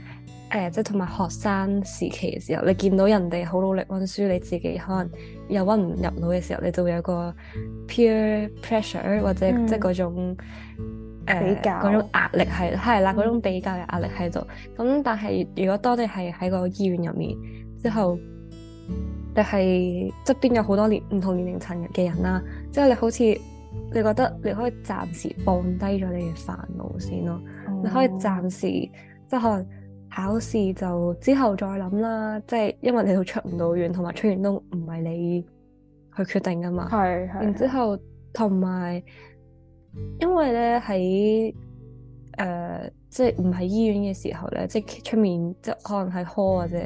呃、誒，即係同埋學生時期嘅時候，你見到人哋好努力温書，你自己可能又温唔入腦嘅時候，你就會有個 pure pressure 或者、嗯、即係嗰種、呃、比較嗰種壓力係係啦，嗰種比較嘅壓力喺度。咁、嗯、但係如果當你係喺個醫院入面之後。你係側邊有好多年唔同年齡層嘅人啦、啊，即、就、係、是、你好似你覺得你可以暫時放低咗你嘅煩惱先咯、啊，哦、你可以暫時即係、就是、可能考試就之後再諗啦，即、就、係、是、因為你都出唔到院，同埋出院都唔係你去決定噶嘛，係係。然之後同埋因為咧喺誒即係唔喺醫院嘅時候咧，即係出面即係、就是、可能喺 hall 或者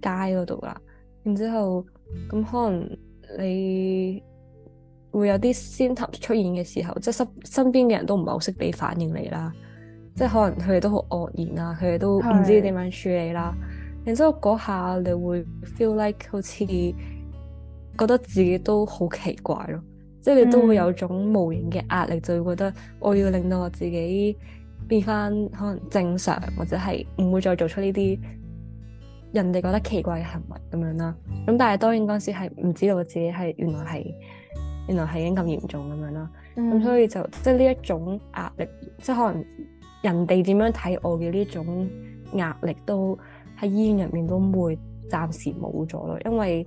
街嗰度啦。然之後，咁可能你會有啲症頭出現嘅時候，即係身身邊嘅人都唔係好識俾反應你啦，即係可能佢哋都好愕然啊，佢哋都唔知點樣處理啦。是然之後嗰下你會 feel like 好似覺得自己都好奇怪咯，即係你都會有種無形嘅壓力，嗯、就會覺得我要令到我自己變翻可能正常，或者係唔會再做出呢啲人哋覺得奇怪嘅行為咁樣啦，咁但係當然嗰時係唔知道自己係原來係原來係已經咁嚴重咁樣啦，咁、嗯、所以就即係呢一種壓力，即、就、係、係、可能人哋點樣睇我嘅呢種壓力，都喺醫院入面都唔會暫時冇咗咯，因為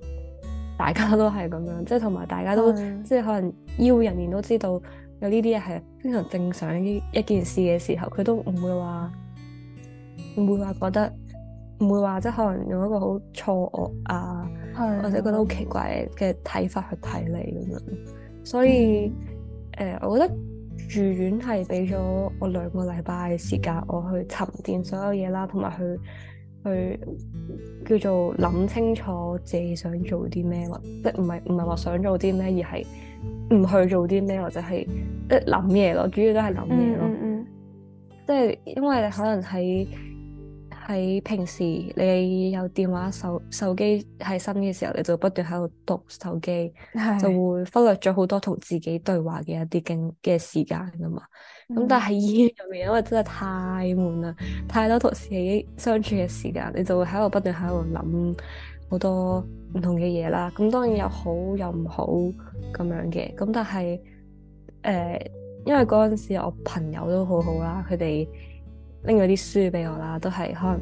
大家都係咁樣，即係同埋大家都即係、嗯、可能醫護人員都知道有呢啲嘢係非常正常一一件事嘅時候，佢都唔會話唔會話覺得。唔會話即係可能用一個好錯愕啊，係或者覺得好奇怪嘅睇法去睇你咁樣，所以誒、嗯呃，我覺得住院係俾咗我兩個禮拜嘅時間，我去沉澱所有嘢啦，同埋去去，去，去叫做諗清楚自己想做啲咩，或者唔係唔係話想做啲咩，而係唔去做啲咩，或者係即係諗嘢咯，主要都係諗嘢咯，即係、嗯嗯、因為你可能喺。喺平時你有電話手手機喺身嘅時候，你就不斷喺度讀手機，的就會忽略咗好多同自己對話嘅一啲嘅嘅時間㗎嘛。咁、嗯、但係醫院入面，因為真係太悶啦，太多同自己相處嘅時間，你就會喺度不斷喺度諗好多唔同嘅嘢啦。咁當然有好有唔好咁樣嘅。咁但係誒、呃，因為嗰陣時我朋友都好好啦，佢哋。拎咗啲書俾我啦，都係可能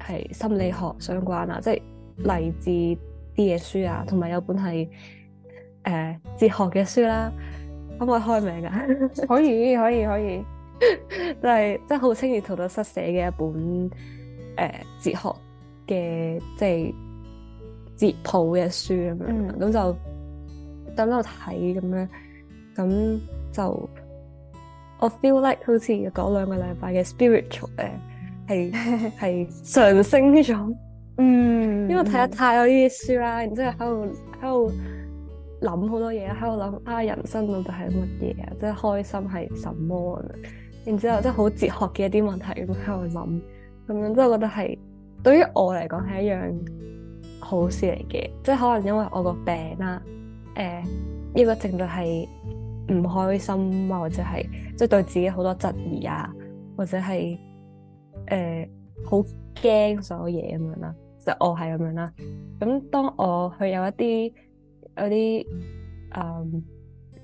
係心理學相關啊，即係勵志啲嘅書啊，同埋有，有本係誒、呃、哲學嘅書啦，可唔可以開名啊？ 可以可以可以，就係即係好青年荼毒室寫嘅一本誒、呃、哲學嘅即係哲普嘅書咁、嗯、樣，咁就等等我睇咁樣，咁就。我 feel like 好似嗰兩個禮拜嘅 spiritual 誒係係上升咗，嗯，因為睇得太有意思啦，然之後喺度喺度諗好多嘢，喺度諗啊人生到底係乜嘢啊？即係開心係什麼啊？然之後即係好哲學嘅一啲問題咁喺度諗，咁樣即係我覺得係對於我嚟講係一樣好事嚟嘅，即係可能因為我個病啦誒呢個症狀係。啊唔開心啊，或者係即係對自己好多質疑啊，或者係誒好驚所有嘢咁樣啦。就我係咁樣啦，啊。咁當我去有一啲嗰啲誒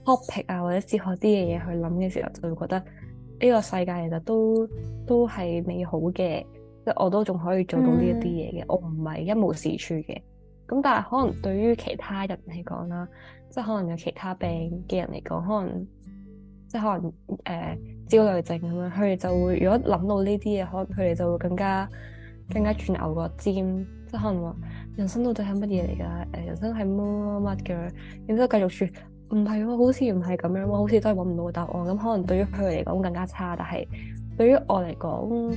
topic 啊，或者哲學啲嘅嘢去諗嘅時候，就會覺得呢個世界其實都都係美好嘅，即係我都仲可以做到呢一啲嘢嘅。嗯，我唔係一無是處嘅。咁但係可能對於其他人嚟講啦。即係可能有其他病嘅人嚟講，可能即係可能誒焦慮症咁樣，佢哋就會如果諗到呢啲嘢，可能佢哋就會更加更加鑽牛角尖。即係可能話人生到底係乜嘢嚟㗎？誒人生係乜乜乜嘅？然之後繼續說唔係喎，好似唔係咁樣喎，好似都係搵唔到答案。咁、嗯、可能對於佢嚟講更加差，但係對於我嚟講，誒、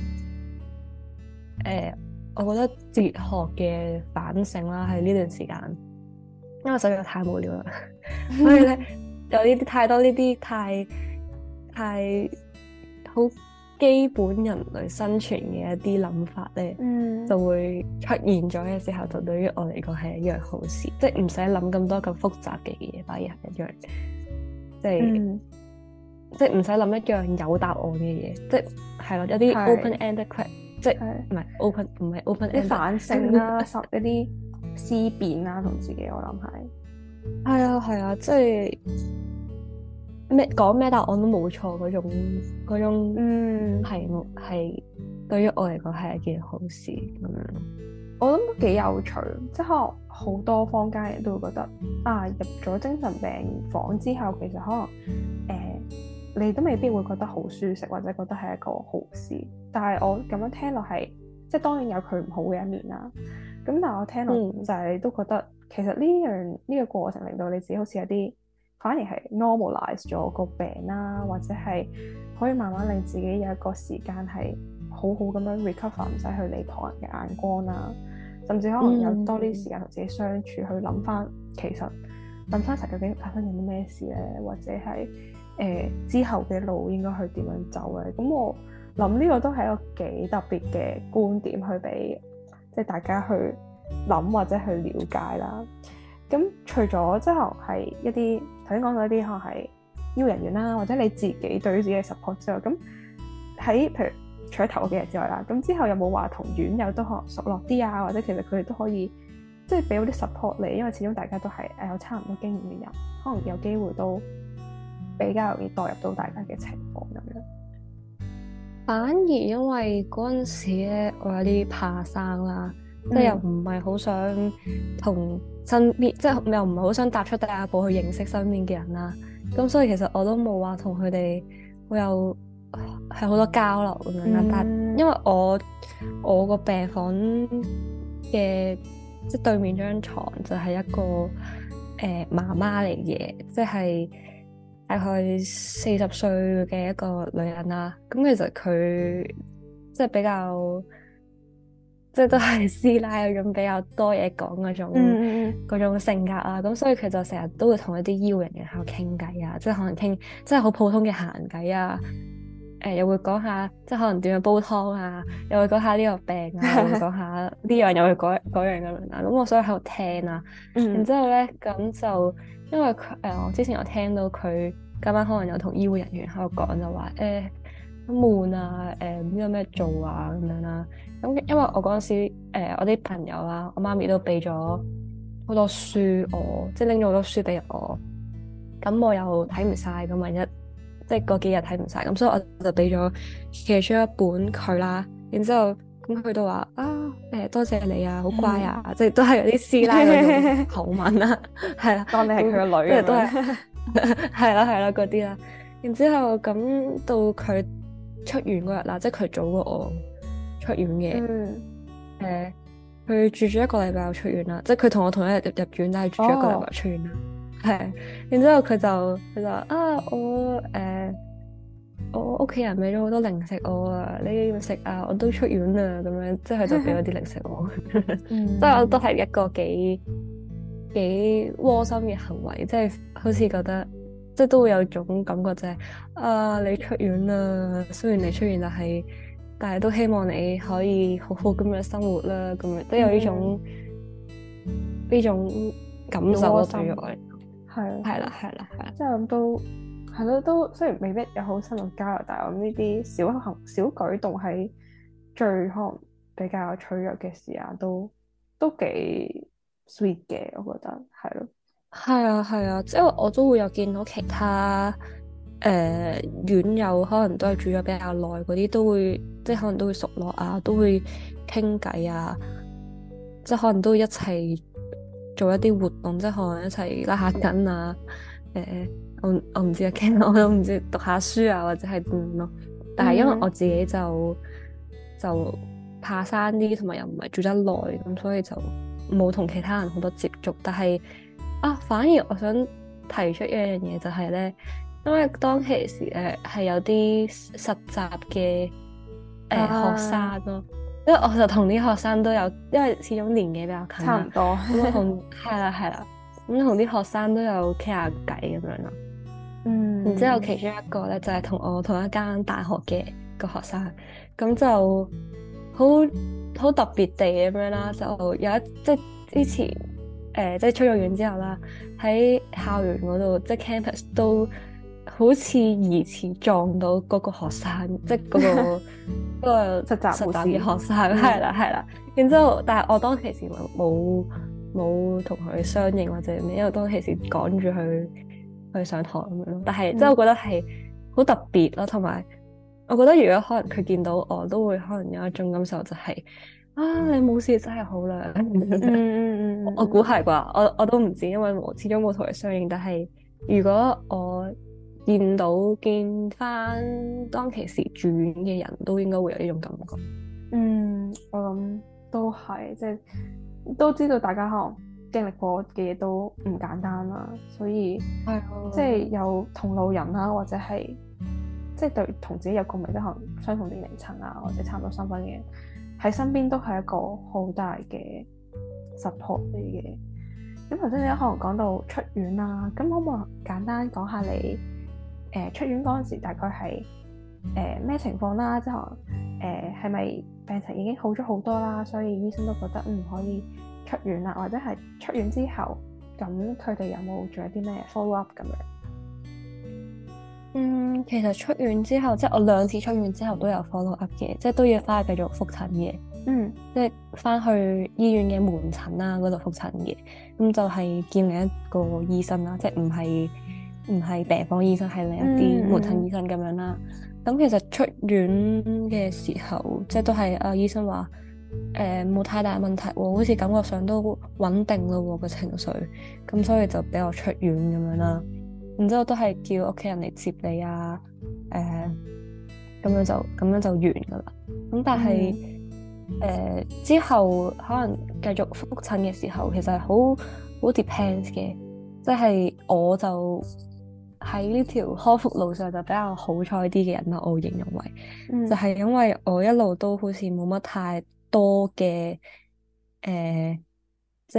呃、我覺得哲學嘅反省啦，喺呢段時間。因為所以我太無聊啦， 所以咧呢 有呢啲太多呢啲太太好基本人類生存嘅一啲諗法咧，嗯、就會出現咗嘅時候，就對於我嚟講，係一樣好事，即係唔使諗咁多咁複雜嘅嘢，反而係一樣，即係即係唔使諗一樣有答案嘅嘢，就是，即係係咯，有啲是是 open, open end 嘅 question，即係唔係 open 唔係 open，一反省啦， 省一啲。思辨啦、啊，同自己，我諗係係啊，係啊，即係咩講咩答案都冇錯嗰種，嗰種嗯係係，對於我嚟講係一件好事咁樣、嗯。 我諗都幾有趣，即係可能好多坊間人都會覺得啊，入咗精神病房之後，其實可能誒、欸，你都未必會覺得好舒適，或者覺得係一個好事。但係我咁樣聽落係，即係當然有佢唔好嘅一面啦。咁但係我聽到就係都覺得，其實呢樣呢個過程令到你自己好似有啲反而係 normalize 咗個病啦、啊，或者係可以慢慢令自己有一個時間係好好咁樣 recover，唔使去理旁人嘅眼光啦、啊，甚至可能有多啲時間同自己相處去，去諗翻其實淋巴癌究竟發生咗啲咩事咧，或者係誒、呃、之後嘅路應該去點樣走嘅。咁我諗呢個都係一個幾特別嘅觀點去俾。即係大家去諗或者去了解啦。咁除咗之後係一啲頭先講到一啲可能係醫護人員啦，或者你自己對於自己嘅 support 之外，咁喺譬如除咗頭嗰幾日之外啦，咁之後有冇話同院友都學熟絡啲啊？或者其實佢哋都可以即係俾啲 support 你，因為始終大家都係有差唔多經驗嘅人，可能有機會都比較容易代入到大家嘅情況咁樣。反而因為嗰陣時咧，我有啲怕生啦、嗯，即係又唔係好想同身邊，即係又唔係好想踏出第一步去認識身邊嘅人啦。咁所以其實我都冇話同佢哋，會有係好多交流咁樣啦。嗯、但因為我我個病房嘅即係對面張床就係一個誒媽媽嚟嘅，即係。大概四十歲嘅一個女人啦，咁其實佢即係比較，即係都係師奶嗰種比較多嘢講嗰種嗰種性格啊，咁所以佢就成日都會同一啲醫護人員喺度傾偈啊，即係可能傾即係好普通嘅閒偈啊，誒、呃、又會講下即係可能點樣煲湯啊，又會講下呢個病啊，講 下呢樣又會講嗰樣咁樣啦，咁我所以喺度聽啊。然之後咧咁就。因為佢誒，我、呃、之前有聽到佢今晚可能有同醫護人員喺度講就話誒、欸、悶啊，誒冇咩咩做啊咁樣啦。咁因為我嗰陣時、呃、我啲朋友啦，我媽咪都俾咗好多書我，即係拎咗好多書俾我。咁我又睇唔晒，咁萬一即係嗰幾日睇唔晒。咁所以我就俾咗其中一本佢啦。然之後。咁佢都話啊誒多謝你啊，好乖啊，嗯、即係都係嗰啲師奶嗰啲口吻啊。係啦、 啊，當你係佢個女嘅，都係係啦係啦嗰啲啦。然之後咁到佢出院嗰日啦，即係佢早過我出院嘅。誒、嗯，佢、呃、住咗一個禮拜就出院啦，即係佢同我同一日入入院，但係住咗一個禮拜就出院啦。係、哦啊。然之後佢就佢就話啊，我誒。呃我屋企人俾咗好多零食我啊，你要食啊，我都出院啦咁樣，即係佢就俾咗啲零食我，呵呵 mm. 即係我都係一個幾幾窩心嘅行為，即係好似覺得，即係都會有種感覺就係啊，你出院啦，雖然你出院，但係但係都希望你可以好好咁樣生活啦，咁樣都有呢種呢、mm. 種感受對於我嚟講咯，係啊，係啦，係啦，係啦，即係咁都。 係咯，都雖然未必有好深入交流，但係我呢啲小行小舉動喺最可能比較脆弱嘅時啊，都都幾 sweet 嘅，我覺得係咯。係啊，係啊，即係我都會有見到其他誒院、呃、友，可能都係住咗比較耐嗰啲，都會即係可能都會熟絡啊，都會傾偈啊，即係可能都會一齊做一啲活動，即係可能一齊拉下筋啊，誒、嗯。呃我唔知啊，咁我都唔知讀下書啊，或者係點咯。但係因為我自己就就怕生啲，同埋又唔係住得耐，咁所以就冇同其他人好多接觸。但係啊，反而我想提出一樣嘢就係咧，因為當其時誒係、呃、有啲實習嘅誒學生咯，因為我就同啲學生都有，因為始終年紀比較近，差唔多咁同係啦係啦，咁同啲學生都有傾下偈咁樣咯。嗯，然之後其中一個咧就係、是、同我同一間大學嘅個學生，咁就好好特別地咁樣啦。就有一即係之前誒，即係、呃、出咗院之後啦，喺校園嗰度，即係 campus 都好似疑似撞到嗰個學生，嗯、即係、那、嗰個嗰 個實習實習嘅學生，係啦係啦。然之後，但係我當其時冇冇同佢相應或者咩，因為當其時趕住去。去上堂咁樣咯，但係、嗯、即係我覺得係好特別咯，同埋我覺得如果可能佢見到我，都會可能有一種感受、就是，就係啊、嗯、你冇事真係好啦、嗯。嗯嗯嗯 我估係啩，我我都唔知，因為我始終冇同佢相應。但係如果我見到見翻當其時住院嘅人都應該會有呢種感覺。嗯，我諗都係，即、就、係、是、都知道大家可能。經歷過嘅嘢都唔簡單啦，所以、哎、呦即係有同路人啦，或者係即係對同自己有共鳴的，都可能相同年齡層啊，或者差唔多身份嘅人喺身邊，都係一個好大嘅 support 嚟嘅。咁頭先你可能講到出院啦，咁可唔可以簡單講下你誒、呃、出院嗰陣時大概係誒咩情況啦？即係誒係咪病情已經好咗好多啦？所以醫生都覺得唔、嗯、可以。出院啦，或者係出院之後，咁佢哋有冇做一啲咩 follow up 咁樣？嗯，其實出院之後，即係我兩次出院之後都有 follow up 嘅，即係都要翻去繼續複診嘅。嗯，即係翻去醫院嘅門診啦，嗰度複診嘅。咁就係見另一個醫生啦，即係唔係唔係病房醫生，係另一啲門診醫生咁樣啦。咁，嗯嗯，其實出院嘅時候，即係都係阿醫生話。誒，冇、呃、太大問題喎，好似感覺上都穩定咯，個情緒，咁所以就畀我出院咁樣啦。然之後都係叫屋企人嚟接你啊，誒、呃，咁樣就咁樣就完噶啦。咁但係誒、嗯呃、之後可能繼續覆診嘅時候，其實好好 depends 嘅，即係、就是、我就喺呢條康復路上就比較好彩啲嘅人啦，我形容為，就係、是、因為我一路都好似冇乜太，多嘅誒、呃，即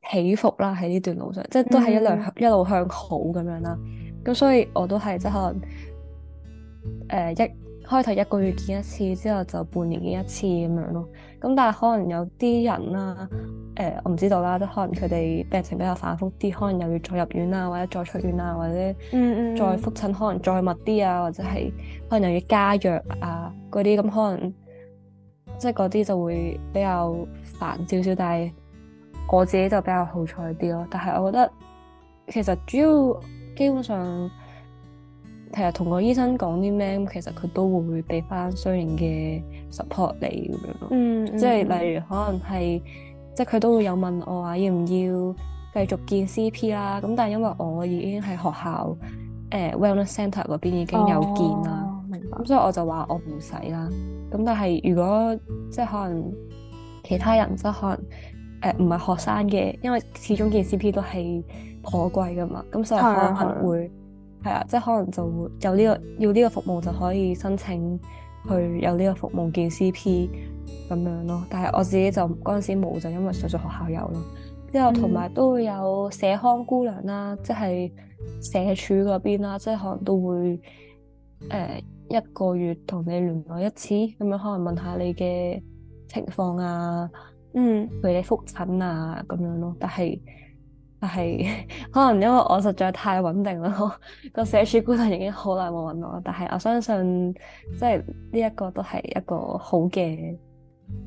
係起伏啦，喺呢段路上，即係都係一路、mm hmm. 一路向好咁樣啦。咁所以我都係即係可能誒、呃、一開頭一個月見一次，之後就半年見一次咁樣咯。咁但係可能有啲人啦，誒、呃、我唔知道啦，即可能佢哋病情比較反覆啲，可能又要再入院啊，或者再出院啊，或者嗯嗯再覆診，可能再密啲啊，或者係可能又要加藥啊嗰啲咁可能。即係嗰啲就會比較煩少少，但係我自己就比較好彩啲咯。但係我覺得其實主要基本上其實同個醫生講啲咩，其實佢都會俾翻相應嘅 support 你咁樣咯。嗯，即係例如可能係即係佢都會有問我話要唔要繼續見 CP 啦。咁但係因為我已經喺學校誒、呃、wellness centre 嗰邊已經有見啦、哦，明白。咁所以我就話我唔使啦。咁但係如果即係可能其他人即係可能誒唔係學生嘅，因為始終見 CP 都係頗貴噶嘛咁、嗯、所以可能會係 啊，即係可能就會有呢、這個要呢個服務就可以申請去有呢個服務見 CP 咁樣咯。但係我自己就嗰陣時冇，就因為上咗學校有咯。之後同埋都會有社康姑娘啦，即係社署嗰邊啦，即係可能都會誒。呃一個月同你聯絡一次，咁樣可能問下你嘅情況啊，嗯，陪你覆診啊咁樣咯。但係但係可能因為我實在太穩定啦，個社署姑娘已經好耐冇揾我。但係我相信，即係呢一個都係一個好嘅，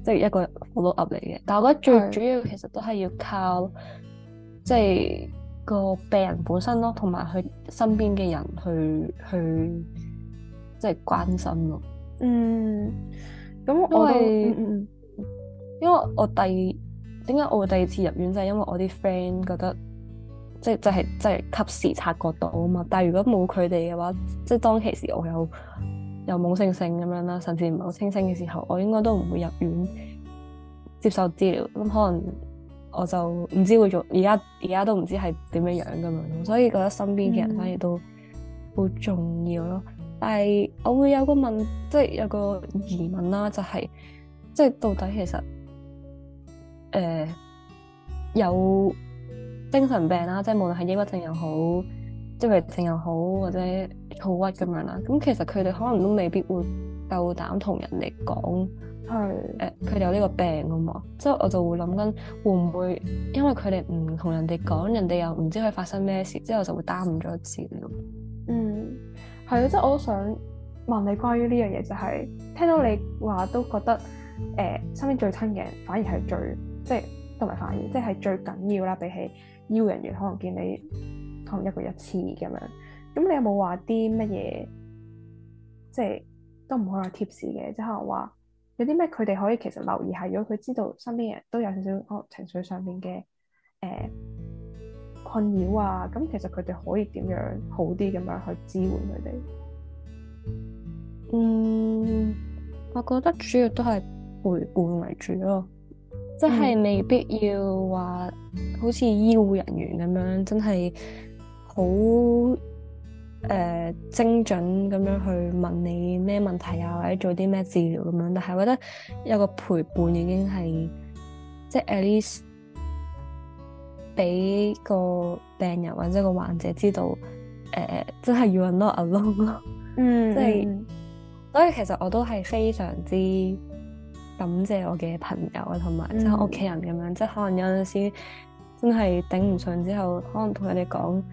即係一個 follow up 嚟嘅。但係我覺得最主要其實都係要靠是即係個病人本身咯，同埋佢身邊嘅人去去。即係關心咯。嗯，咁我係嗯，因為我第點解我會第二次入院就係、是、因為我啲 friend 覺得即係即係即係及時察覺到啊嘛。但係如果冇佢哋嘅話，即係當其時我有又有懵盛盛咁樣啦，甚至唔係好清醒嘅時候，我應該都唔會入院接受治療咁。嗯嗯、可能我就唔知會做而家而家都唔知係點樣樣咁樣，所以覺得身邊嘅人反而都好重要咯。嗯。但係我會有個問，即係有個疑問啦，就係、是、即係到底其實誒、呃、有精神病啦、啊，即係無論係抑鬱症又好，焦慮症又好，或者好鬱咁樣啦，咁其實佢哋可能都未必會夠膽同人哋講，係誒佢哋有呢個病噶、啊、嘛，之後我就會諗緊會唔會因為佢哋唔同人哋講，人哋又唔知佢發生咩事，之後就會耽誤咗治療。嗯。係啊，即係我都想問你關於呢樣嘢，就係、是、聽到你話都覺得，誒、呃、身邊最親嘅人反而係最即係都係反而，即係最緊要啦。比起醫護人員可能見你可能一個一次咁樣，咁你有冇話啲乜嘢，即係都唔好話貼士嘅，即係可能話有啲咩佢哋可以其實留意下，如果佢知道身邊嘅人都有少少可能情緒上面嘅誒，呃困擾啊，咁其實佢哋可以點樣好啲咁樣去支援佢哋？嗯，我覺得主要都係陪伴為主咯，即係未必要話好似醫護人員咁樣，真係好誒精準咁樣去問你咩問題啊，或者做啲咩治療咁樣。但係我覺得有個陪伴已經係，即係 at least。俾個病人或者個患者知道，誒、呃、真係要 you're not alone 咯，嗯，即係、 就是，所以其實我都係非常之感謝我嘅朋友啊，同埋即係屋企人咁樣，嗯、即係可能有陣時真係頂唔順之後，可能同佢哋講，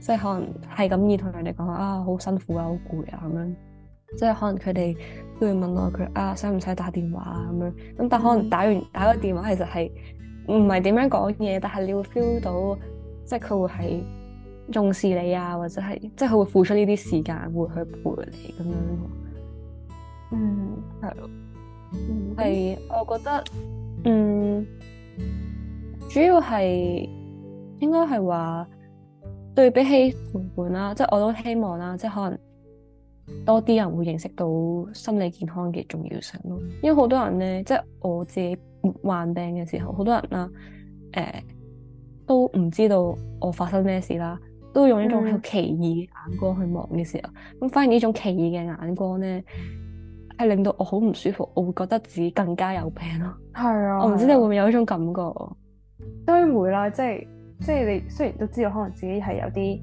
即、就、係、是、可能係咁意同佢哋講啊，好辛苦啊，好攰啊咁樣，即、就、係、是、可能佢哋都會問我佢啊，使唔使打電話啊咁樣，咁但可能打完、嗯、打個電話其實係。唔係點樣講嘢，但係你會 feel 到，即係佢會係重視你啊，或者係即係佢會付出呢啲時間，會去陪你咁樣。Mm hmm. 嗯，係咯，係、mm hmm. 我覺得，嗯，主要係應該係話對比起陪伴啦，即係我都希望啦，即係可能。多啲人會認識到心理健康嘅重要性咯，因為好多人咧，即係我自己患病嘅時候，好多人啦，誒、欸，都唔知道我發生咩事啦，都用一種好奇異嘅眼光去望嘅時候，咁反而呢種奇異嘅眼光咧，係令到我好唔舒服，我會覺得自己更加有病咯。係啊，我唔知你會唔會有呢種感覺？當然會啦，即係即係你雖然都知道可能自己係有啲。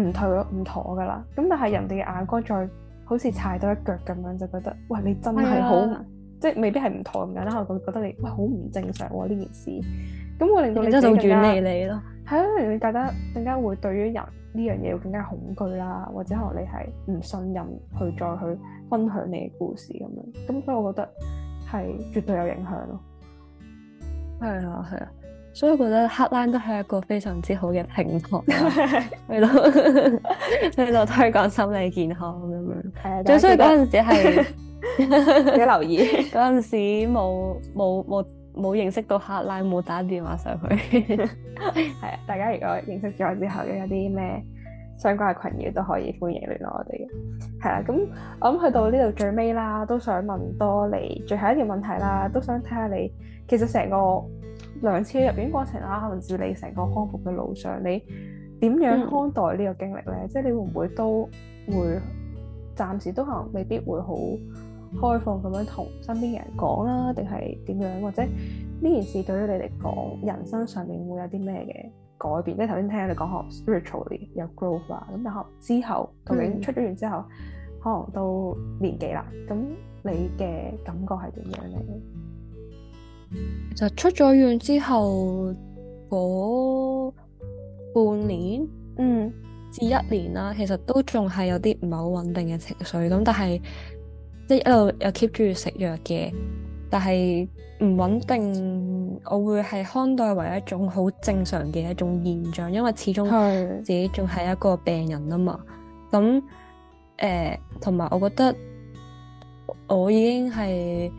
唔妥咯，唔妥噶啦。咁但係人哋嘅眼光再好似踩多一腳咁樣，就覺得喂，你真係好，的即係未必係唔妥咁樣啦。我覺覺得你喂，好唔正常喎呢件事。咁會令到你更加遠離你咯。係啊，令到大家更加會對於人呢樣嘢更加恐懼啦，或者可能你係唔信任去再去分享你嘅故事咁樣。咁所以我覺得係絕對有影響咯。係啊，係啊。所以覺得克 l 都係一個非常之好嘅平台，喺度喺度推廣心理健康咁樣。最以嗰陣時係要留意，嗰陣時冇冇冇冇認識到克拉，冇打電話上去。係啊，大家如果認識咗之後，如有啲咩相關嘅困擾，都可以歡迎聯絡我哋。係啦，咁我諗去到呢度最尾啦，都想問多你最後一條問題啦，都想睇下你其實成個。兩次入院過程啦，甚至你成個康復嘅路上，你點樣看待呢個經歷咧？嗯、即係你會唔會都會暫時都可能未必會好開放咁樣同身邊嘅人講啦，定係點樣？或者呢件事對於你嚟講，人生上面會有啲咩嘅改變？即係頭先聽你講學 spiritually 有 growth 啦，咁但係之後究竟出咗院之後，可能到年紀啦，咁、嗯、你嘅感覺係點樣咧？其實出咗院之後嗰半年，嗯至一年啦，其實都仲係有啲唔係好穩定嘅情緒咁、就是，但係即一路又 keep 住食藥嘅，但係唔穩定，我會係看待為一種好正常嘅一種現象，因為始終自己仲係一個病人啊嘛。咁誒，同、呃、埋我覺得我已經係。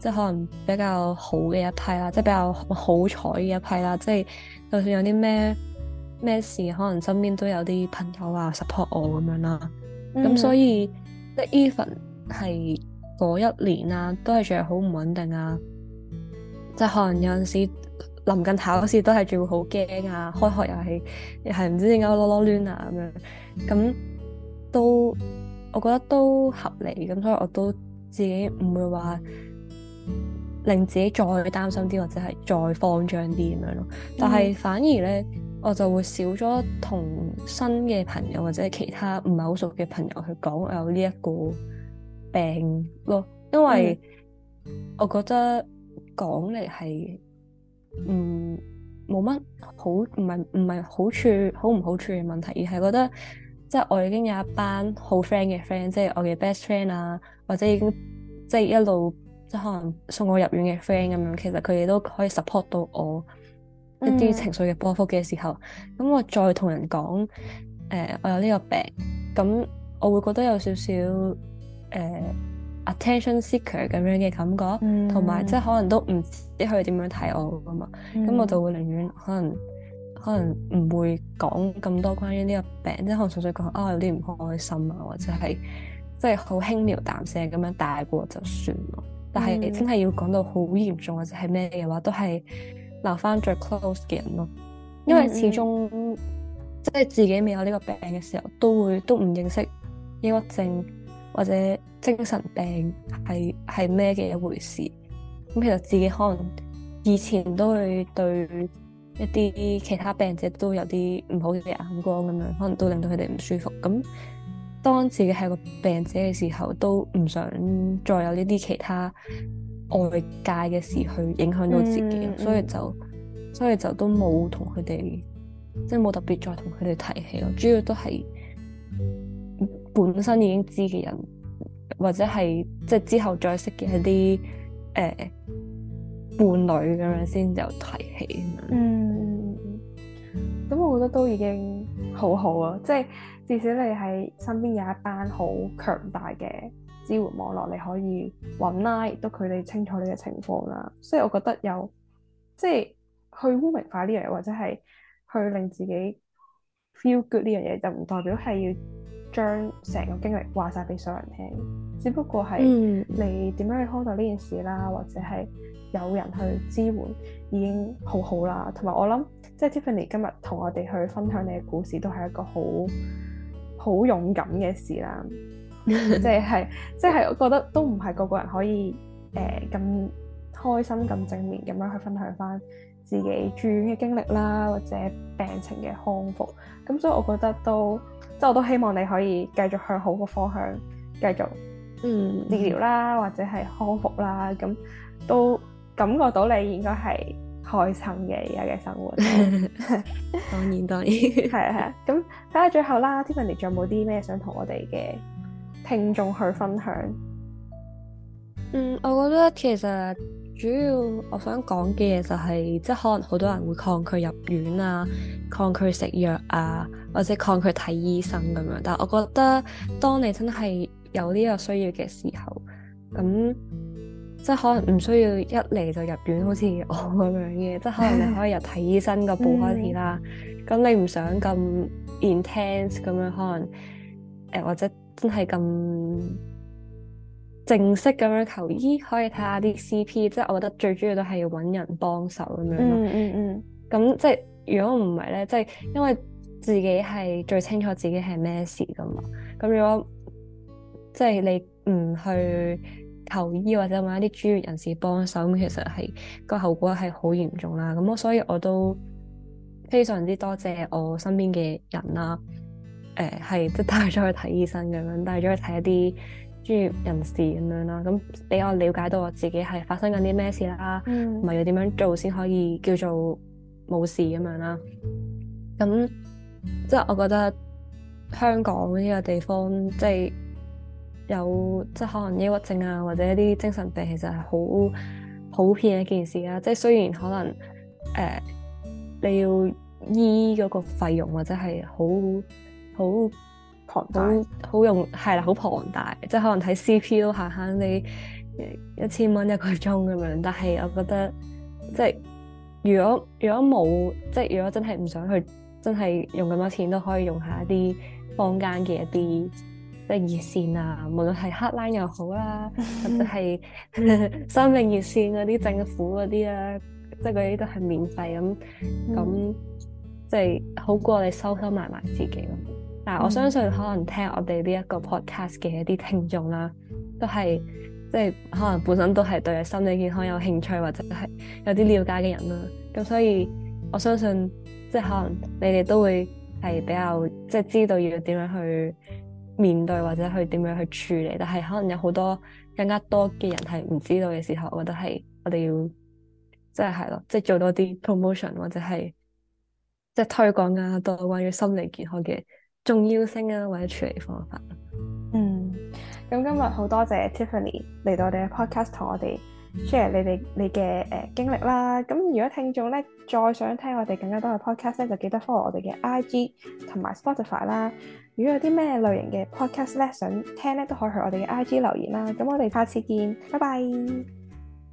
即係可能比較好嘅一批啦，即係比較好彩嘅一批啦。即係就算有啲咩咩事，可能身邊都有啲朋友啊 support 我咁樣啦。咁、嗯、所以即係 even 係嗰一年啊，都係仲係好唔穩定啊。即係可能有陣時臨近考試都係仲會好驚啊，開學又係又係唔知點解囉囉攣啊咁樣。咁都我覺得都合理。咁所以我都自己唔會話。令自己再擔心啲，或者係再慌張啲咁樣咯。但係反而咧，嗯、我就會少咗同新嘅朋友或者係其他唔係好熟嘅朋友去講我有呢一個病咯。因為我覺得講嚟係唔冇乜好，唔係唔係好處，好唔好處嘅問題，而係覺得即係、就是、我已經有一班好 friend 嘅 friend，即係我嘅 best friend 啊，或者已經即係、就是、一路。即係可能送我入院嘅 friend 咁樣，其實佢哋都可以 support 到我一啲情緒嘅波幅嘅時候，咁、嗯、我再同人講，誒、呃，我有呢個病，咁我會覺得有少少誒 attention seeker 咁樣嘅感覺，同埋、嗯、即係可能都唔知佢點樣睇我噶嘛，咁、嗯、我就會寧願可能可能唔會講咁多關於呢個病，即係可能純粹講啊，有啲唔開心啊，或者係即係好輕描淡寫咁樣帶過就算咯。但係、嗯、真係要講到好嚴重或者係咩嘅話，都係留翻最 close 嘅人咯。因為始終即係、嗯、自己未有呢個病嘅時候，都會都唔認識抑鬱症或者精神病係係咩嘅一回事。咁其實自己可能以前都會對一啲其他病者都有啲唔好嘅眼光咁樣，可能都令到佢哋唔舒服咁。當自己係個病者嘅時候，都唔想再有呢啲其他外界嘅事去影響到自己，嗯、所以就，所以就都冇同佢哋，即係冇特別再同佢哋提起咯。主要都係本身已經知嘅人，或者係即係之後再識嘅一啲誒、呃、伴侶咁樣先有提起。嗯，咁我覺得都已經好好啊，即係。至少你喺身邊有一班好強大嘅支援網絡，你可以揾拉，亦都佢哋清楚你嘅情況啦。所以我覺得有即係去污名化呢樣嘢，或者係去令自己 feel good 呢樣嘢，就唔代表係要將成個經歷話晒俾所有人聽。只不過係你點樣去看待呢件事啦，或者係有人去支援已經好好啦。同埋我諗，即係 Tiffany 今日同我哋去分享你嘅故事，都係一個好好勇敢嘅事啦，即係即係，即係、我覺得都唔係個個人可以誒咁、呃、開心咁正面咁樣去分享翻自己住院嘅經歷啦，或者病情嘅康復咁。所以我覺得都即係、即係、我都希望你可以繼續向好嘅方向繼續嗯治療啦，或者係康復啦。咁都感覺到你應該係。開心嘅而家嘅生活。 當然，當然。係啊係啊，咁睇下最後啦，Tiffany 仲有冇啲咩想同我哋嘅聽眾去分享？嗯，我覺得其實主要我想講嘅嘢就係，即係可能好多人會抗拒入院啊，抗拒食藥啊，或者抗拒睇醫生咁樣。但係我覺得，當你真係有呢個需要嘅時候，咁。即係可能唔需要一嚟就入院，好似我咁樣嘅。即係可能你可以入睇醫生個步開始啦。咁 你唔想咁 intense 咁樣，可能誒、呃、或者真係咁正式咁樣求醫，可以睇下啲 CP。即係我覺得最主要都係要搵人幫手咁樣咯。嗯嗯。 咁即係如果唔係咧，即係因為自己係最清楚自己係咩事噶嘛。咁如果即係你唔去。 求醫或者揾一啲專業人士幫手咁，其實係個後果係好嚴重啦。咁我所以我都非常之多謝我身邊嘅人啦。誒、呃，係即帶咗去睇醫生咁樣，帶咗去睇一啲專業人士咁樣啦。咁俾我了解到我自己係發生緊啲咩事啦，唔係要點樣做先可以叫做冇事咁樣啦。咁即我覺得香港呢個地方即係。有即係可能抑鬱症啊，或者一啲精神病，其實係好普遍嘅一件事啊。即係雖然可能誒、呃、你要醫嗰個費用或者係好好龐大，好用係啦，好龐大。即係可能睇 CP 都閒閒哋一千蚊一個鐘咁樣，但係我覺得即係如果如果冇，即係如果真係唔想去，真係用咁多錢都可以用下一啲坊間嘅一啲。即係熱線啊，無論係 Heartline 又好啦、啊， 或者係 生命熱線嗰啲政府嗰啲啊，即係嗰啲都係免費咁咁，即係、嗯就是、好過你收收埋埋自己咯。但係我相信可能聽我哋呢一個 podcast 嘅一啲聽眾啦，都係即係可能本身都係對心理健康有興趣或者係有啲了解嘅人啦。咁所以我相信即係、就是、可能你哋都會係比較即係、就是、知道要點樣去面對或者去點樣去處理，但係可能有好多更加多嘅人係唔知道嘅時候，我覺得係我哋要即係係咯，即係做多啲 promotion 或者係即係推廣更多關於心理健康嘅重要性啊或者處理方法。嗯，咁今日好多謝 Tiffany 嚟到我哋嘅 podcast 同我哋 share 你哋你嘅誒、呃、經歷啦。咁如果聽眾咧再想聽我哋更加多嘅 podcast 咧，就記得 follow 我哋嘅 IG 同埋 Spotify 啦。如果有啲咩類型嘅 podcast lesson 聽呢，都可以去我哋嘅 IG 留言啦。咁我哋下次見，拜拜，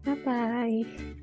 拜拜。